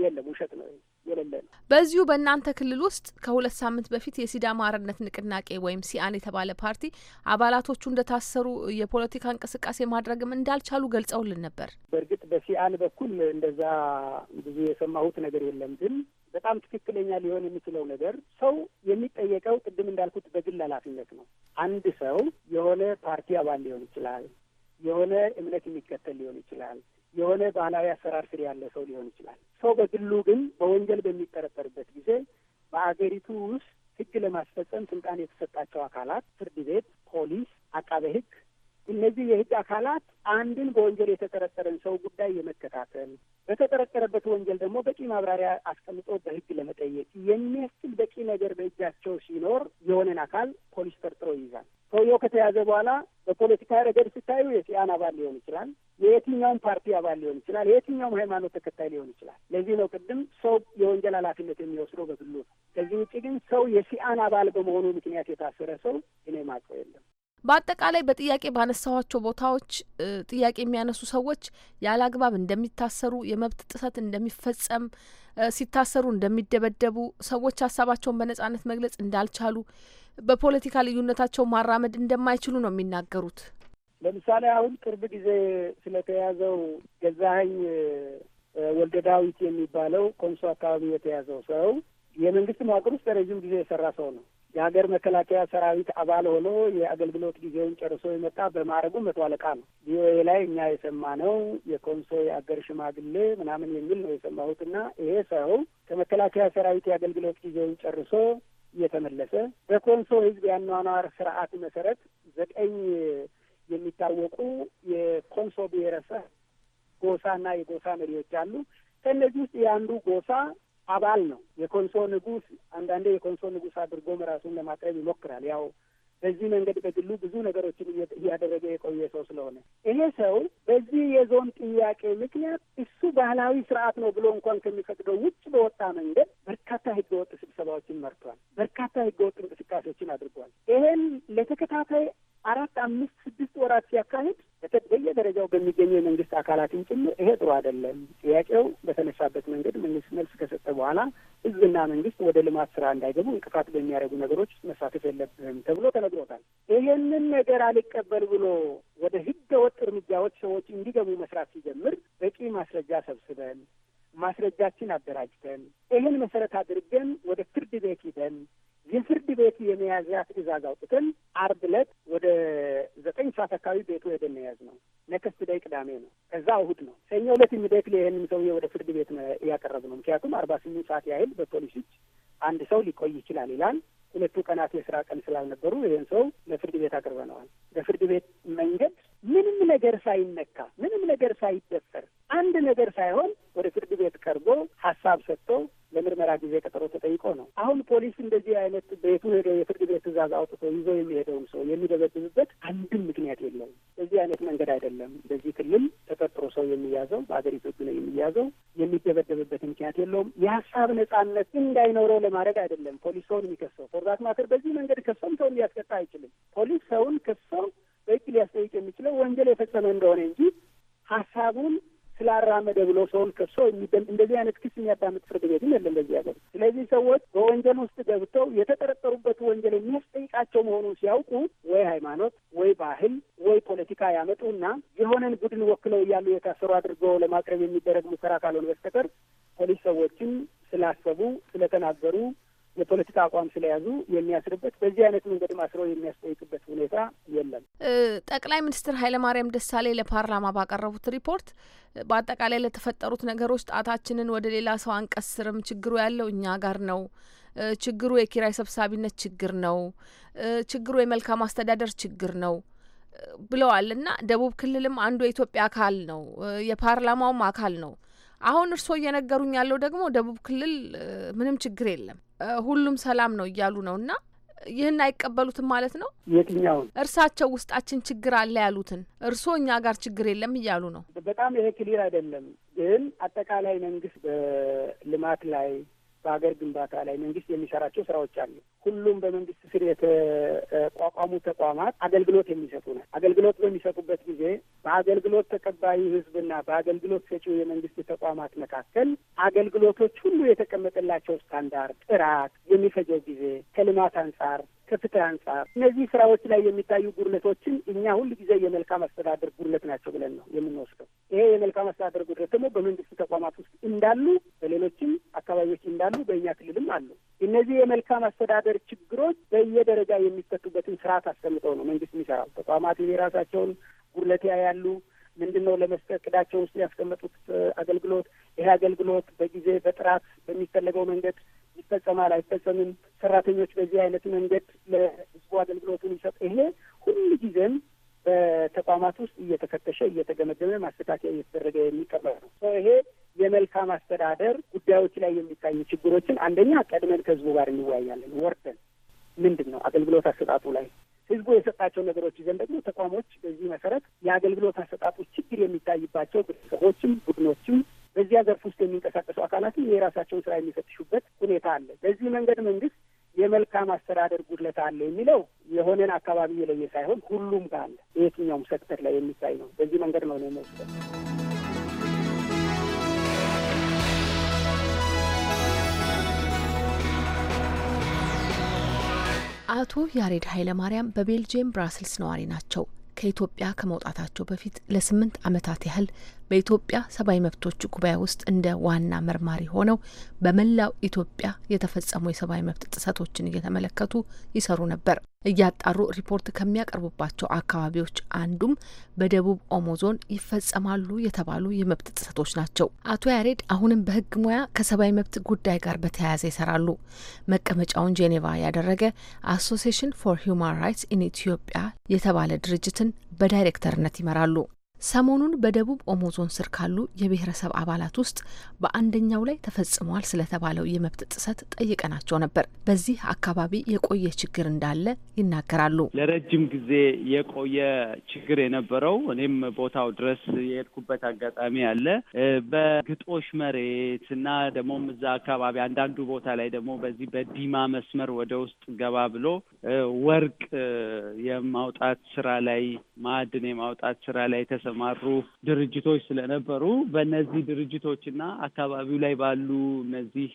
የለም ውሸት ነው የሌለ ነው። በዚሁ በእናንተ ክልል ውስጥ ከሁለት ሳምንት በፊት የሲዳማ አርነት ንቅናቄ ወይም ሲአን የተባለ ፓርቲ አባላቶቹ እንደታሰሩ የፖለቲካ እንቅስቃሴ ማድረግም እንዳልቻሉ ገልጸውልን ነበር። በእርግጥ በሲአን በኩል እንደዛ ብዙ የሰማሁት ነገር የለም ግን በጣም ትክክለኛ ሊሆን የሚችለው ነገር ሰው የሚጠየቀው ቅድም እንዳልኩት በግል ኃላፊነት ነው። አንድ ሰው የሆነ ፓርቲ አባል ሊሆን ይችላል፣ የሆነ እምነት የሚከተል ሊሆን ይችላል፣ የሆነ ባህላዊ አሰራር ስር ያለ ሰው ሊሆን ይችላል። ሰው በግሉ ግን በወንጀል በሚጠረጠርበት ጊዜ በአገሪቱ ውስጥ ሕግ ለማስፈጸም ስልጣን የተሰጣቸው አካላት ፍርድ ቤት፣ ፖሊስ፣ አቃቤ ሕግ እነዚህ የህግ አካላት አንድን በወንጀል የተጠረጠረን ሰው ጉዳይ የመከታተል በተጠረጠረበት ወንጀል ደግሞ በቂ ማብራሪያ አስቀምጦ በህግ ለመጠየቅ የሚያስችል በቂ ነገር በእጃቸው ሲኖር የሆነን አካል ፖሊስ ጠርጥሮ ይይዛል። ሰውየው ከተያዘ በኋላ በፖለቲካ ረገድ ስታዩ የሲያን አባል ሊሆን ይችላል፣ የየትኛውም ፓርቲ አባል ሊሆን ይችላል፣ የየትኛውም ሃይማኖት ተከታይ ሊሆን ይችላል። ለዚህ ነው ቅድም ሰው የወንጀል ኃላፊነት የሚወስደው በግሉ ነው። ከዚህ ውጭ ግን ሰው የሲያን አባል በመሆኑ ምክንያት የታሰረ ሰው እኔ ማቀው የለም። በአጠቃላይ በጥያቄ ባነሳኋቸው ቦታዎች ጥያቄ የሚያነሱ ሰዎች ያለ አግባብ እንደሚታሰሩ፣ የመብት ጥሰት እንደሚፈጸም፣ ሲታሰሩ እንደሚደበደቡ፣ ሰዎች ሀሳባቸውን በነጻነት መግለጽ እንዳልቻሉ፣ በፖለቲካ ልዩነታቸው ማራመድ እንደማይችሉ ነው የሚናገሩት። ለምሳሌ አሁን ቅርብ ጊዜ ስለተያዘው ገዛኸኝ ወልደ ዳዊት የሚባለው ኮንሶ አካባቢ የተያዘው ሰው የመንግስት መዋቅር ውስጥ ረዥም ጊዜ የሰራ ሰው ነው። የሀገር መከላከያ ሰራዊት አባል ሆኖ የአገልግሎት ጊዜውን ጨርሶ የመጣ በማዕረጉ መቶ አለቃ ነው። ቪኦኤ ላይ እኛ የሰማነው የኮንሶ የአገር ሽማግሌ ምናምን የሚል ነው የሰማሁትና ይሄ ሰው ከመከላከያ ሰራዊት የአገልግሎት ጊዜውን ጨርሶ እየተመለሰ በኮንሶ ህዝብ የአኗኗር ስርዓት መሰረት ዘጠኝ የሚታወቁ የኮንሶ ብሔረሰብ ጎሳና የጎሳ መሪዎች አሉ። ከእነዚህ ውስጥ የአንዱ ጎሳ አባል ነው። የኮንሶ ንጉስ አንዳንዴ የኮንሶ ንጉስ አድርጎ ራሱን ለማቅረብ ይሞክራል። ያው በዚህ መንገድ በግሉ ብዙ ነገሮችን እያደረገ የቆየ ሰው ስለሆነ ይሄ ሰው በዚህ የዞን ጥያቄ ምክንያት እሱ ባህላዊ ስርዓት ነው ብሎ እንኳን ከሚፈቅደው ውጭ በወጣ መንገድ በርካታ ህገወጥ ስብሰባዎችን መርቷል። በርካታ ህገወጥ እንቅስቃሴዎችን አድርጓል። ይሄን ለተከታታይ አራት አምስት ስድስት ወራት ሲያካሂድ በየደረጃው በሚገኙ የመንግስት አካላትን ጭምር ይሄ ጥሩ አይደለም፣ ጥያቄው በተነሳበት መንገድ መንግስት መልስ ከሰጠ በኋላ ህዝብና መንግስት ወደ ልማት ስራ እንዳይገቡ እንቅፋት በሚያደርጉ ነገሮች መሳተፍ የለብህም ተብሎ ተነግሮታል። ይሄንን ነገር አልቀበል ብሎ ወደ ህገ ወጥ እርምጃዎች ሰዎች እንዲገቡ መስራት ሲጀምር በቂ ማስረጃ ሰብስበን ማስረጃችን አደራጅተን ይህን መሰረት አድርገን ወደ ፍርድ ቤት ሂደን የፍርድ ቤት የመያዣ ትእዛዝ አውጥተን አርብ ዕለት ወደ ዘጠኝ ሰዓት አካባቢ ቤቱ ወደ መያዝ ነው። ነክስት ደይ ቅዳሜ ነው። ከዛ እሁድ ነው። ሰኞ ዕለት የሚደክ ይህንን ሰውዬ ወደ ፍርድ ቤት እያቀረብ ነው። ምክንያቱም አርባ ስምንት ሰዓት ያህል በፖሊስ እጅ አንድ ሰው ሊቆይ ይችላል ይላል። ሁለቱ ቀናት የስራ ቀን ስላልነበሩ ይህን ሰው ለፍርድ ቤት አቅርበነዋል። በፍርድ ቤት መንገድ ምንም ነገር ሳይነካ ምንም ነገር ሳይደፈር አንድ ነገር ሳይሆን ወደ ፍርድ ቤት ቀርቦ ሀሳብ ሰጥቶ ለምርመራ ጊዜ ቀጠሮ ተጠይቆ ነው። አሁን ፖሊስ እንደዚህ አይነት ቤቱ ሄደው የፍርድ ቤት ትዕዛዝ አውጥቶ ይዞ የሚሄደውን ሰው የሚደበድብበት አንድም ምክንያት የለውም። በዚህ አይነት መንገድ አይደለም። በዚህ ክልል ተጠርጥሮ ሰው የሚያዘው በሀገሪቱ ህግ ነው የሚያዘው። የሚደበደብበት ምክንያት የለውም። የሀሳብ ነጻነት እንዳይኖረው ለማድረግ አይደለም ፖሊስ ሰውን የሚከሰው። ፎርዛት ማክር በዚህ መንገድ ከሰውም ሰውን ሊያስቀጣ አይችልም። ፖሊስ ሰውን ከሰው በህግ ሊያስጠይቅ የሚችለው ወንጀል የፈጸመ እንደሆነ እንጂ ሀሳቡን ስላራመደ ብሎ ሰውን ከሶ እንደዚህ አይነት ክስ የሚያዳምጥ ፍርድ ቤትም የለም በዚህ ሀገር። ስለዚህ ሰዎች በወንጀል ውስጥ ገብተው የተጠረጠሩበት ወንጀል የሚያስጠይቃቸው መሆኑን ሲያውቁ ወይ ሃይማኖት፣ ወይ ባህል፣ ወይ ፖለቲካ ያመጡና የሆነን ቡድን ወክለው እያሉ የታሰሩ አድርገው ለማቅረብ የሚደረግ ሙከራ ካልሆነ በስተቀር ፖሊስ ሰዎችን ስላሰቡ ስለተናገሩ የፖለቲካ አቋም ስለያዙ የሚያስርበት በዚህ አይነት መንገድ ማስረው የሚያስጠይቅበት ሁኔታ የለም። ጠቅላይ ሚኒስትር ኃይለማርያም ደሳሌ ለፓርላማ ባቀረቡት ሪፖርት በአጠቃላይ ለተፈጠሩት ነገሮች ጣታችንን ወደ ሌላ ሰው አንቀስርም፣ ችግሩ ያለው እኛ ጋር ነው ችግሩ የኪራይ ሰብሳቢነት ችግር ነው፣ ችግሩ የመልካም አስተዳደር ችግር ነው ብለዋል እና ደቡብ ክልልም አንዱ የኢትዮጵያ አካል ነው፣ የፓርላማውም አካል ነው። አሁን እርስዎ እየነገሩኝ ያለው ደግሞ ደቡብ ክልል ምንም ችግር የለም ሁሉም ሰላም ነው እያሉ ነው እና ይህን አይቀበሉትም ማለት ነው። የትኛውን እርሳቸው ውስጣችን ችግር አለ ያሉትን እርስዎ እኛ ጋር ችግር የለም እያሉ ነው። በጣም ይሄ ክሊር አይደለም። ግን አጠቃላይ መንግስት በልማት ላይ በሀገር ግንባታ ላይ መንግስት የሚሰራቸው ስራዎች አሉ። ሁሉም በመንግስት ስር የተቋቋሙ ተቋማት አገልግሎት የሚሰጡ ነው። አገልግሎት በሚሰጡበት ጊዜ በአገልግሎት ተቀባዩ ህዝብና በአገልግሎት ሰጪው የመንግስት ተቋማት መካከል አገልግሎቶች ሁሉ የተቀመጠላቸው ስታንዳርድ፣ ጥራት፣ የሚፈጀው ጊዜ ከልማት አንጻር ከፍትህ አንጻር እነዚህ ስራዎች ላይ የሚታዩ ጉድለቶችን እኛ ጊዜ የመልካም አስተዳደር ጉድለት ናቸው ብለን ነው የምንወስደው። ይሄ የመልካም አስተዳደር ጉድለት ደግሞ በመንግስት ተቋማት ውስጥ እንዳሉ በሌሎችም አካባቢዎች እንዳሉ በእኛ ክልልም አሉ። እነዚህ የመልካም አስተዳደር ችግሮች በየደረጃ የሚፈቱበትን ስርዓት አስቀምጠው ነው መንግስት የሚሰራው። ተቋማት የራሳቸውን ጉድለት ያያሉ። ምንድን ነው ለመስጠት ቅዳቸው ውስጥ ያስቀመጡት አገልግሎት ይሄ አገልግሎት በጊዜ በጥራት በሚፈለገው መንገድ ይፈጸማል አይፈጸምም፣ ሰራተኞች በዚህ አይነት መንገድ ለህዝቡ አገልግሎቱን ይሰጥ። ይሄ ሁሉ ጊዜም በተቋማት ውስጥ እየተፈተሸ እየተገመገመ ማስተካከያ እየተደረገ የሚቀመጥ ነው። ይሄ የመልካም አስተዳደር ጉዳዮች ላይ የሚታዩ ችግሮችን አንደኛ ቀድመን ከህዝቡ ጋር እንወያያለን። ወርደን ምንድን ነው አገልግሎት አሰጣጡ ላይ ህዝቡ የሰጣቸው ነገሮች ይዘን ደግሞ ተቋሞች በዚህ መሰረት የአገልግሎት አሰጣጡ ችግር የሚታይባቸው ግለሰቦችም ቡድኖችም በዚያ ዘርፍ ውስጥ የሚንቀሳቀሱ አካላትም የራሳቸውን ስራ የሚፈትሹበት ሁኔታ አለ። በዚህ መንገድ መንግስት የመልካም አስተዳደር ጉድለት አለ የሚለው የሆነን አካባቢ የለየ ሳይሆን ሁሉም ጋር አለ። የትኛውም ሴክተር ላይ የሚታይ ነው። በዚህ መንገድ ነው ነው የሚወስደው። አቶ ያሬድ ኃይለማርያም በቤልጅየም ብራስልስ ነዋሪ ናቸው። ከኢትዮጵያ ከመውጣታቸው በፊት ለስምንት ዓመታት ያህል በኢትዮጵያ ሰብአዊ መብቶች ጉባኤ ውስጥ እንደ ዋና መርማሪ ሆነው በመላው ኢትዮጵያ የተፈጸሙ የሰብአዊ መብት ጥሰቶችን እየተመለከቱ ይሰሩ ነበር። እያጣሩ ሪፖርት ከሚያቀርቡባቸው አካባቢዎች አንዱም በደቡብ ኦሞ ዞን ይፈጸማሉ የተባሉ የመብት ጥሰቶች ናቸው። አቶ ያሬድ አሁንም በህግ ሙያ ከሰብአዊ መብት ጉዳይ ጋር በተያያዘ ይሰራሉ። መቀመጫውን ጄኔቫ ያደረገ አሶሲሽን ፎር ሂውማን ራይትስ ኢን ኢትዮጵያ የተባለ ድርጅትን በዳይሬክተርነት ይመራሉ። ሰሞኑን በደቡብ ኦሞ ዞን ስር ካሉ የብሔረሰብ አባላት ውስጥ በአንደኛው ላይ ተፈጽሟል ስለተባለው የመብት ጥሰት ጠይቀናቸው ነበር። በዚህ አካባቢ የቆየ ችግር እንዳለ ይናገራሉ። ለረጅም ጊዜ የቆየ ችግር የነበረው እኔም ቦታው ድረስ የሄድኩበት አጋጣሚ አለ። በግጦሽ መሬት እና ደግሞም እዛ አካባቢ አንዳንዱ ቦታ ላይ ደግሞ በዚህ በዲማ መስመር ወደ ውስጥ ገባ ብሎ ወርቅ የማውጣት ስራ ላይ ማዕድን የማውጣት ስራ ላይ ተሰ የተሰማሩ ድርጅቶች ስለነበሩ በእነዚህ ድርጅቶች አካባቢው ላይ ባሉ እነዚህ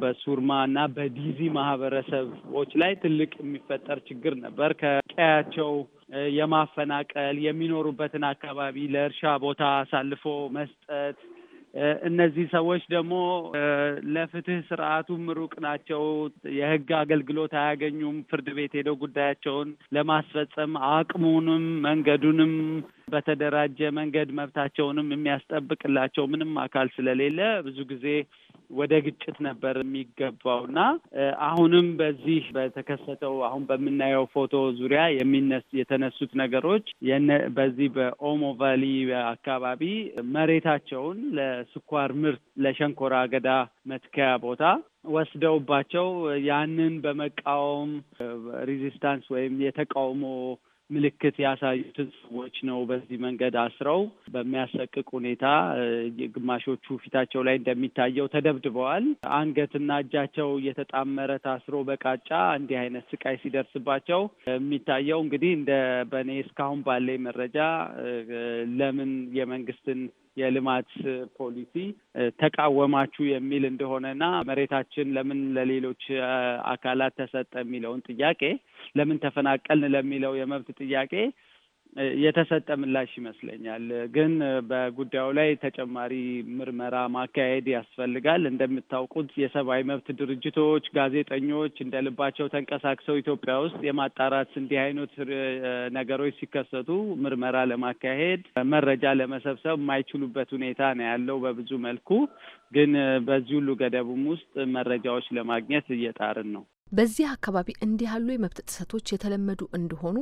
በሱርማ እና በዲዚ ማህበረሰቦች ላይ ትልቅ የሚፈጠር ችግር ነበር። ከቀያቸው የማፈናቀል የሚኖሩበትን አካባቢ ለእርሻ ቦታ አሳልፎ መስጠት። እነዚህ ሰዎች ደግሞ ለፍትህ ስርዓቱም ሩቅ ናቸው። የህግ አገልግሎት አያገኙም። ፍርድ ቤት ሄደው ጉዳያቸውን ለማስፈጸም አቅሙንም መንገዱንም በተደራጀ መንገድ መብታቸውንም የሚያስጠብቅላቸው ምንም አካል ስለሌለ ብዙ ጊዜ ወደ ግጭት ነበር የሚገባው እና አሁንም በዚህ በተከሰተው አሁን በምናየው ፎቶ ዙሪያ የሚነስ የተነሱት ነገሮች በዚህ በኦሞ ቫሊ አካባቢ መሬታቸውን ለስኳር ምርት ለሸንኮራ አገዳ መትከያ ቦታ ወስደውባቸው ያንን በመቃወም ሪዚስታንስ ወይም የተቃውሞ ምልክት ያሳዩትን ሰዎች ነው በዚህ መንገድ አስረው በሚያሰቅቅ ሁኔታ ግማሾቹ ፊታቸው ላይ እንደሚታየው ተደብድበዋል። አንገትና እጃቸው እየተጣመረ ታስሮ በቃጫ እንዲህ አይነት ስቃይ ሲደርስባቸው የሚታየው እንግዲህ እንደ በእኔ እስካሁን ባለኝ መረጃ ለምን የመንግስትን የልማት ፖሊሲ ተቃወማችሁ የሚል እንደሆነና መሬታችን ለምን ለሌሎች አካላት ተሰጠ የሚለውን ጥያቄ ለምን ተፈናቀልን ለሚለው የመብት ጥያቄ የተሰጠ ምላሽ ይመስለኛል። ግን በጉዳዩ ላይ ተጨማሪ ምርመራ ማካሄድ ያስፈልጋል። እንደምታውቁት የሰብአዊ መብት ድርጅቶች፣ ጋዜጠኞች እንደ ልባቸው ተንቀሳቅሰው ኢትዮጵያ ውስጥ የማጣራት እንዲህ አይነት ነገሮች ሲከሰቱ ምርመራ ለማካሄድ መረጃ ለመሰብሰብ የማይችሉበት ሁኔታ ነው ያለው በብዙ መልኩ። ግን በዚህ ሁሉ ገደቡም ውስጥ መረጃዎች ለማግኘት እየጣርን ነው። በዚህ አካባቢ እንዲህ ያሉ የመብት ጥሰቶች የተለመዱ እንደሆኑ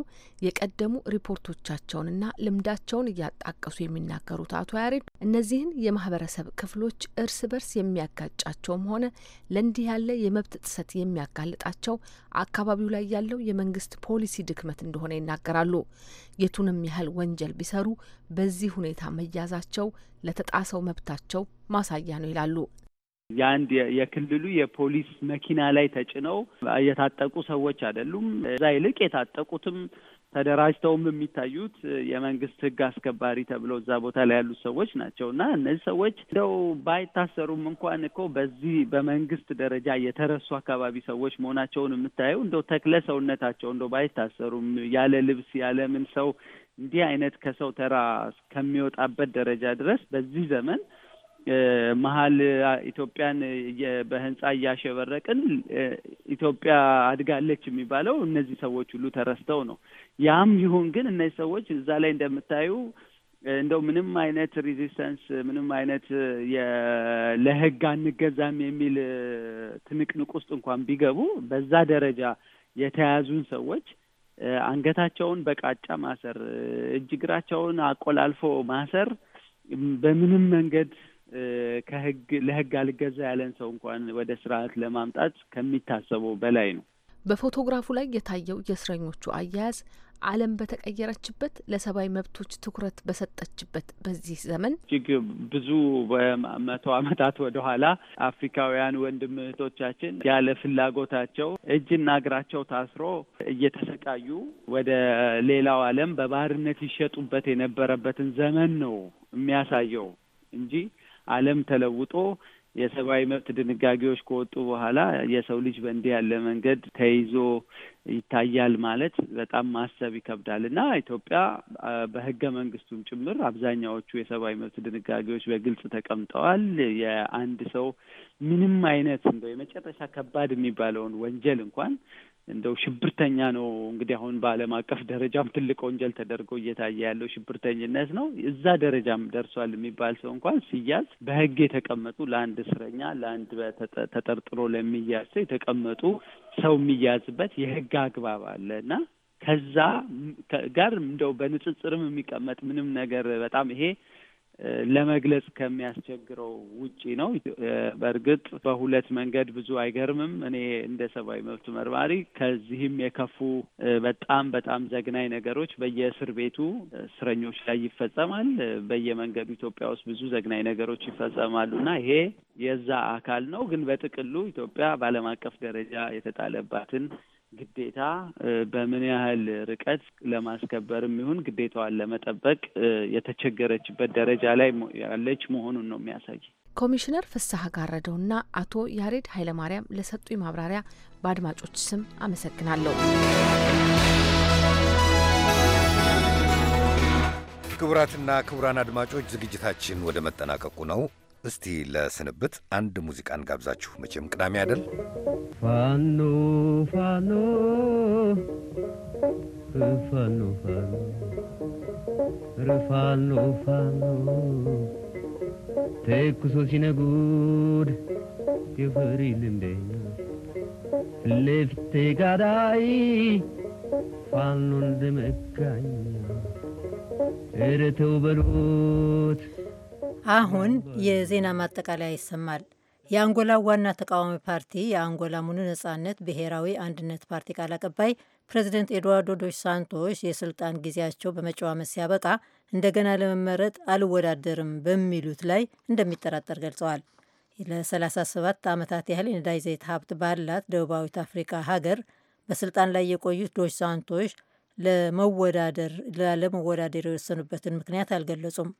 የቀደሙ ሪፖርቶቻቸውንና ልምዳቸውን እያጣቀሱ የሚናገሩት አቶ ያሬድ እነዚህን የማህበረሰብ ክፍሎች እርስ በርስ የሚያጋጫቸውም ሆነ ለእንዲህ ያለ የመብት ጥሰት የሚያጋልጣቸው አካባቢው ላይ ያለው የመንግስት ፖሊሲ ድክመት እንደሆነ ይናገራሉ። የቱንም ያህል ወንጀል ቢሰሩ በዚህ ሁኔታ መያዛቸው ለተጣሰው መብታቸው ማሳያ ነው ይላሉ። የአንድ የክልሉ የፖሊስ መኪና ላይ ተጭነው የታጠቁ ሰዎች አይደሉም። እዛ ይልቅ የታጠቁትም ተደራጅተውም የሚታዩት የመንግስት ሕግ አስከባሪ ተብለው እዛ ቦታ ላይ ያሉት ሰዎች ናቸው እና እነዚህ ሰዎች እንደው ባይታሰሩም እንኳን እኮ በዚህ በመንግስት ደረጃ የተረሱ አካባቢ ሰዎች መሆናቸውን የምታየው እንደው ተክለ ሰውነታቸው እንደው ባይታሰሩም ያለ ልብስ ያለ ምን ሰው እንዲህ አይነት ከሰው ተራ ከሚወጣበት ደረጃ ድረስ በዚህ ዘመን መሀል ኢትዮጵያን በህንጻ እያሸበረቅን ኢትዮጵያ አድጋለች የሚባለው እነዚህ ሰዎች ሁሉ ተረስተው ነው። ያም ይሁን ግን እነዚህ ሰዎች እዛ ላይ እንደምታዩ እንደው ምንም አይነት ሪዚስተንስ ምንም አይነት ለህግ አንገዛም የሚል ትንቅንቅ ውስጥ እንኳን ቢገቡ በዛ ደረጃ የተያዙን ሰዎች አንገታቸውን በቃጫ ማሰር፣ እጅ እግራቸውን አቆላልፎ ማሰር በምንም መንገድ ከህግ ለህግ አልገዛ ያለን ሰው እንኳን ወደ ስርዓት ለማምጣት ከሚታሰበው በላይ ነው። በፎቶግራፉ ላይ የታየው የእስረኞቹ አያያዝ ዓለም በተቀየረችበት ለሰብአዊ መብቶች ትኩረት በሰጠችበት በዚህ ዘመን እጅግ ብዙ በመቶ ዓመታት ወደኋላ አፍሪካውያን ወንድም እህቶቻችን ያለ ፍላጎታቸው እጅና እግራቸው ታስሮ እየተሰቃዩ ወደ ሌላው ዓለም በባርነት ይሸጡበት የነበረበትን ዘመን ነው የሚያሳየው እንጂ ዓለም ተለውጦ የሰብአዊ መብት ድንጋጌዎች ከወጡ በኋላ የሰው ልጅ በእንዲህ ያለ መንገድ ተይዞ ይታያል ማለት በጣም ማሰብ ይከብዳል እና ኢትዮጵያ በህገ መንግስቱም ጭምር አብዛኛዎቹ የሰብአዊ መብት ድንጋጌዎች በግልጽ ተቀምጠዋል። የአንድ ሰው ምንም አይነት እንደው የመጨረሻ ከባድ የሚባለውን ወንጀል እንኳን እንደው ሽብርተኛ ነው እንግዲህ አሁን በዓለም አቀፍ ደረጃም ትልቅ ወንጀል ተደርጎ እየታየ ያለው ሽብርተኝነት ነው። እዛ ደረጃም ደርሷል የሚባል ሰው እንኳን ሲያዝ በሕግ የተቀመጡ ለአንድ እስረኛ ለአንድ ተጠርጥሮ ለሚያዝ ሰው የተቀመጡ ሰው የሚያዝበት የሕግ አግባብ አለ እና ከዛ ጋር እንደው በንጽጽርም የሚቀመጥ ምንም ነገር በጣም ይሄ ለመግለጽ ከሚያስቸግረው ውጪ ነው። በእርግጥ በሁለት መንገድ ብዙ አይገርምም። እኔ እንደ ሰብአዊ መብት መርማሪ ከዚህም የከፉ በጣም በጣም ዘግናኝ ነገሮች በየእስር ቤቱ እስረኞች ላይ ይፈጸማል። በየመንገዱ ኢትዮጵያ ውስጥ ብዙ ዘግናኝ ነገሮች ይፈጸማሉ እና ይሄ የዛ አካል ነው። ግን በጥቅሉ ኢትዮጵያ በዓለም አቀፍ ደረጃ የተጣለባትን ግዴታ በምን ያህል ርቀት ለማስከበርም ይሁን ግዴታዋን ለመጠበቅ የተቸገረችበት ደረጃ ላይ ያለች መሆኑን ነው የሚያሳይ። ኮሚሽነር ፍስሐ እና አቶ ያሬድ ኃይለማርያም ለሰጡ ማብራሪያ በአድማጮች ስም አመሰግናለሁ። ክቡራትና ክቡራን አድማጮች ዝግጅታችን ወደ መጠናቀቁ ነው። እስቲ ለስንብት አንድ ሙዚቃን ጋብዛችሁ መቼም ቅዳሜ አይደል ፋኖ ፋኖ ፋኖ ፋኖ ፋኖ ፋኖ ተኩሶ ሲነጉድ የፈሪ ልንደኛ ፍሌፍቴ ጋዳይ ፋኖ እንደመካኛ እረ በሉት አሁን የዜና ማጠቃለያ ይሰማል። የአንጎላ ዋና ተቃዋሚ ፓርቲ የአንጎላ ሙሉ ነጻነት ብሔራዊ አንድነት ፓርቲ ቃል አቀባይ ፕሬዚደንት ኤድዋርዶ ዶች ሳንቶች የስልጣን ጊዜያቸው በመጪው ዓመት ሲያበቃ እንደገና ለመመረጥ አልወዳደርም በሚሉት ላይ እንደሚጠራጠር ገልጸዋል። ለ37 ዓመታት ያህል የነዳጅ ዘይት ሀብት ባላት ደቡባዊት አፍሪካ ሀገር በስልጣን ላይ የቆዩት ዶች ሳንቶሽ ለመወዳደር ለመወዳደር የወሰኑበትን ምክንያት አልገለጹም።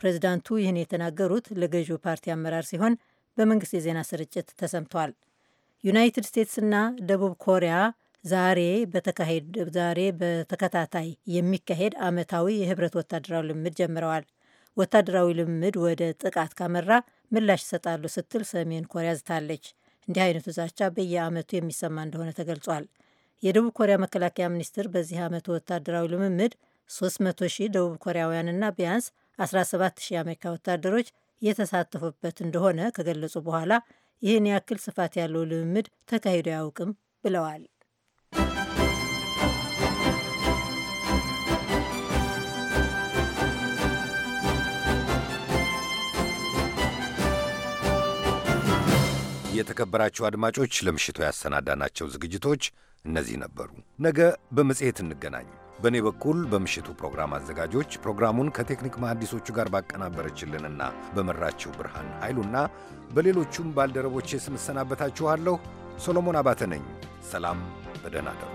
ፕሬዚዳንቱ ይህን የተናገሩት ለገዢው ፓርቲ አመራር ሲሆን በመንግስት የዜና ስርጭት ተሰምቷል። ዩናይትድ ስቴትስና ደቡብ ኮሪያ ዛሬ በተካሄድ ዛሬ በተከታታይ የሚካሄድ ዓመታዊ የህብረት ወታደራዊ ልምምድ ጀምረዋል። ወታደራዊ ልምምድ ወደ ጥቃት ካመራ ምላሽ ይሰጣሉ ስትል ሰሜን ኮሪያ ዝታለች። እንዲህ አይነቱ ዛቻ በየዓመቱ የሚሰማ እንደሆነ ተገልጿል። የደቡብ ኮሪያ መከላከያ ሚኒስትር በዚህ ዓመቱ ወታደራዊ ልምምድ 300 ሺህ ደቡብ ኮሪያውያንና ቢያንስ 17,000 የአሜሪካ ወታደሮች የተሳተፉበት እንደሆነ ከገለጹ በኋላ ይህን ያክል ስፋት ያለው ልምምድ ተካሂዶ አያውቅም ብለዋል። የተከበራችሁ አድማጮች ለምሽቱ ያሰናዳናቸው ዝግጅቶች እነዚህ ነበሩ። ነገ በመጽሔት እንገናኝ። በእኔ በኩል በምሽቱ ፕሮግራም አዘጋጆች ፕሮግራሙን ከቴክኒክ መሐንዲሶቹ ጋር ባቀናበረችልንና በመራችው ብርሃን ኃይሉና በሌሎቹም ባልደረቦች ስም እሰናበታችኋለሁ። ሶሎሞን አባተ ነኝ። ሰላም፣ በደህና ደሩ።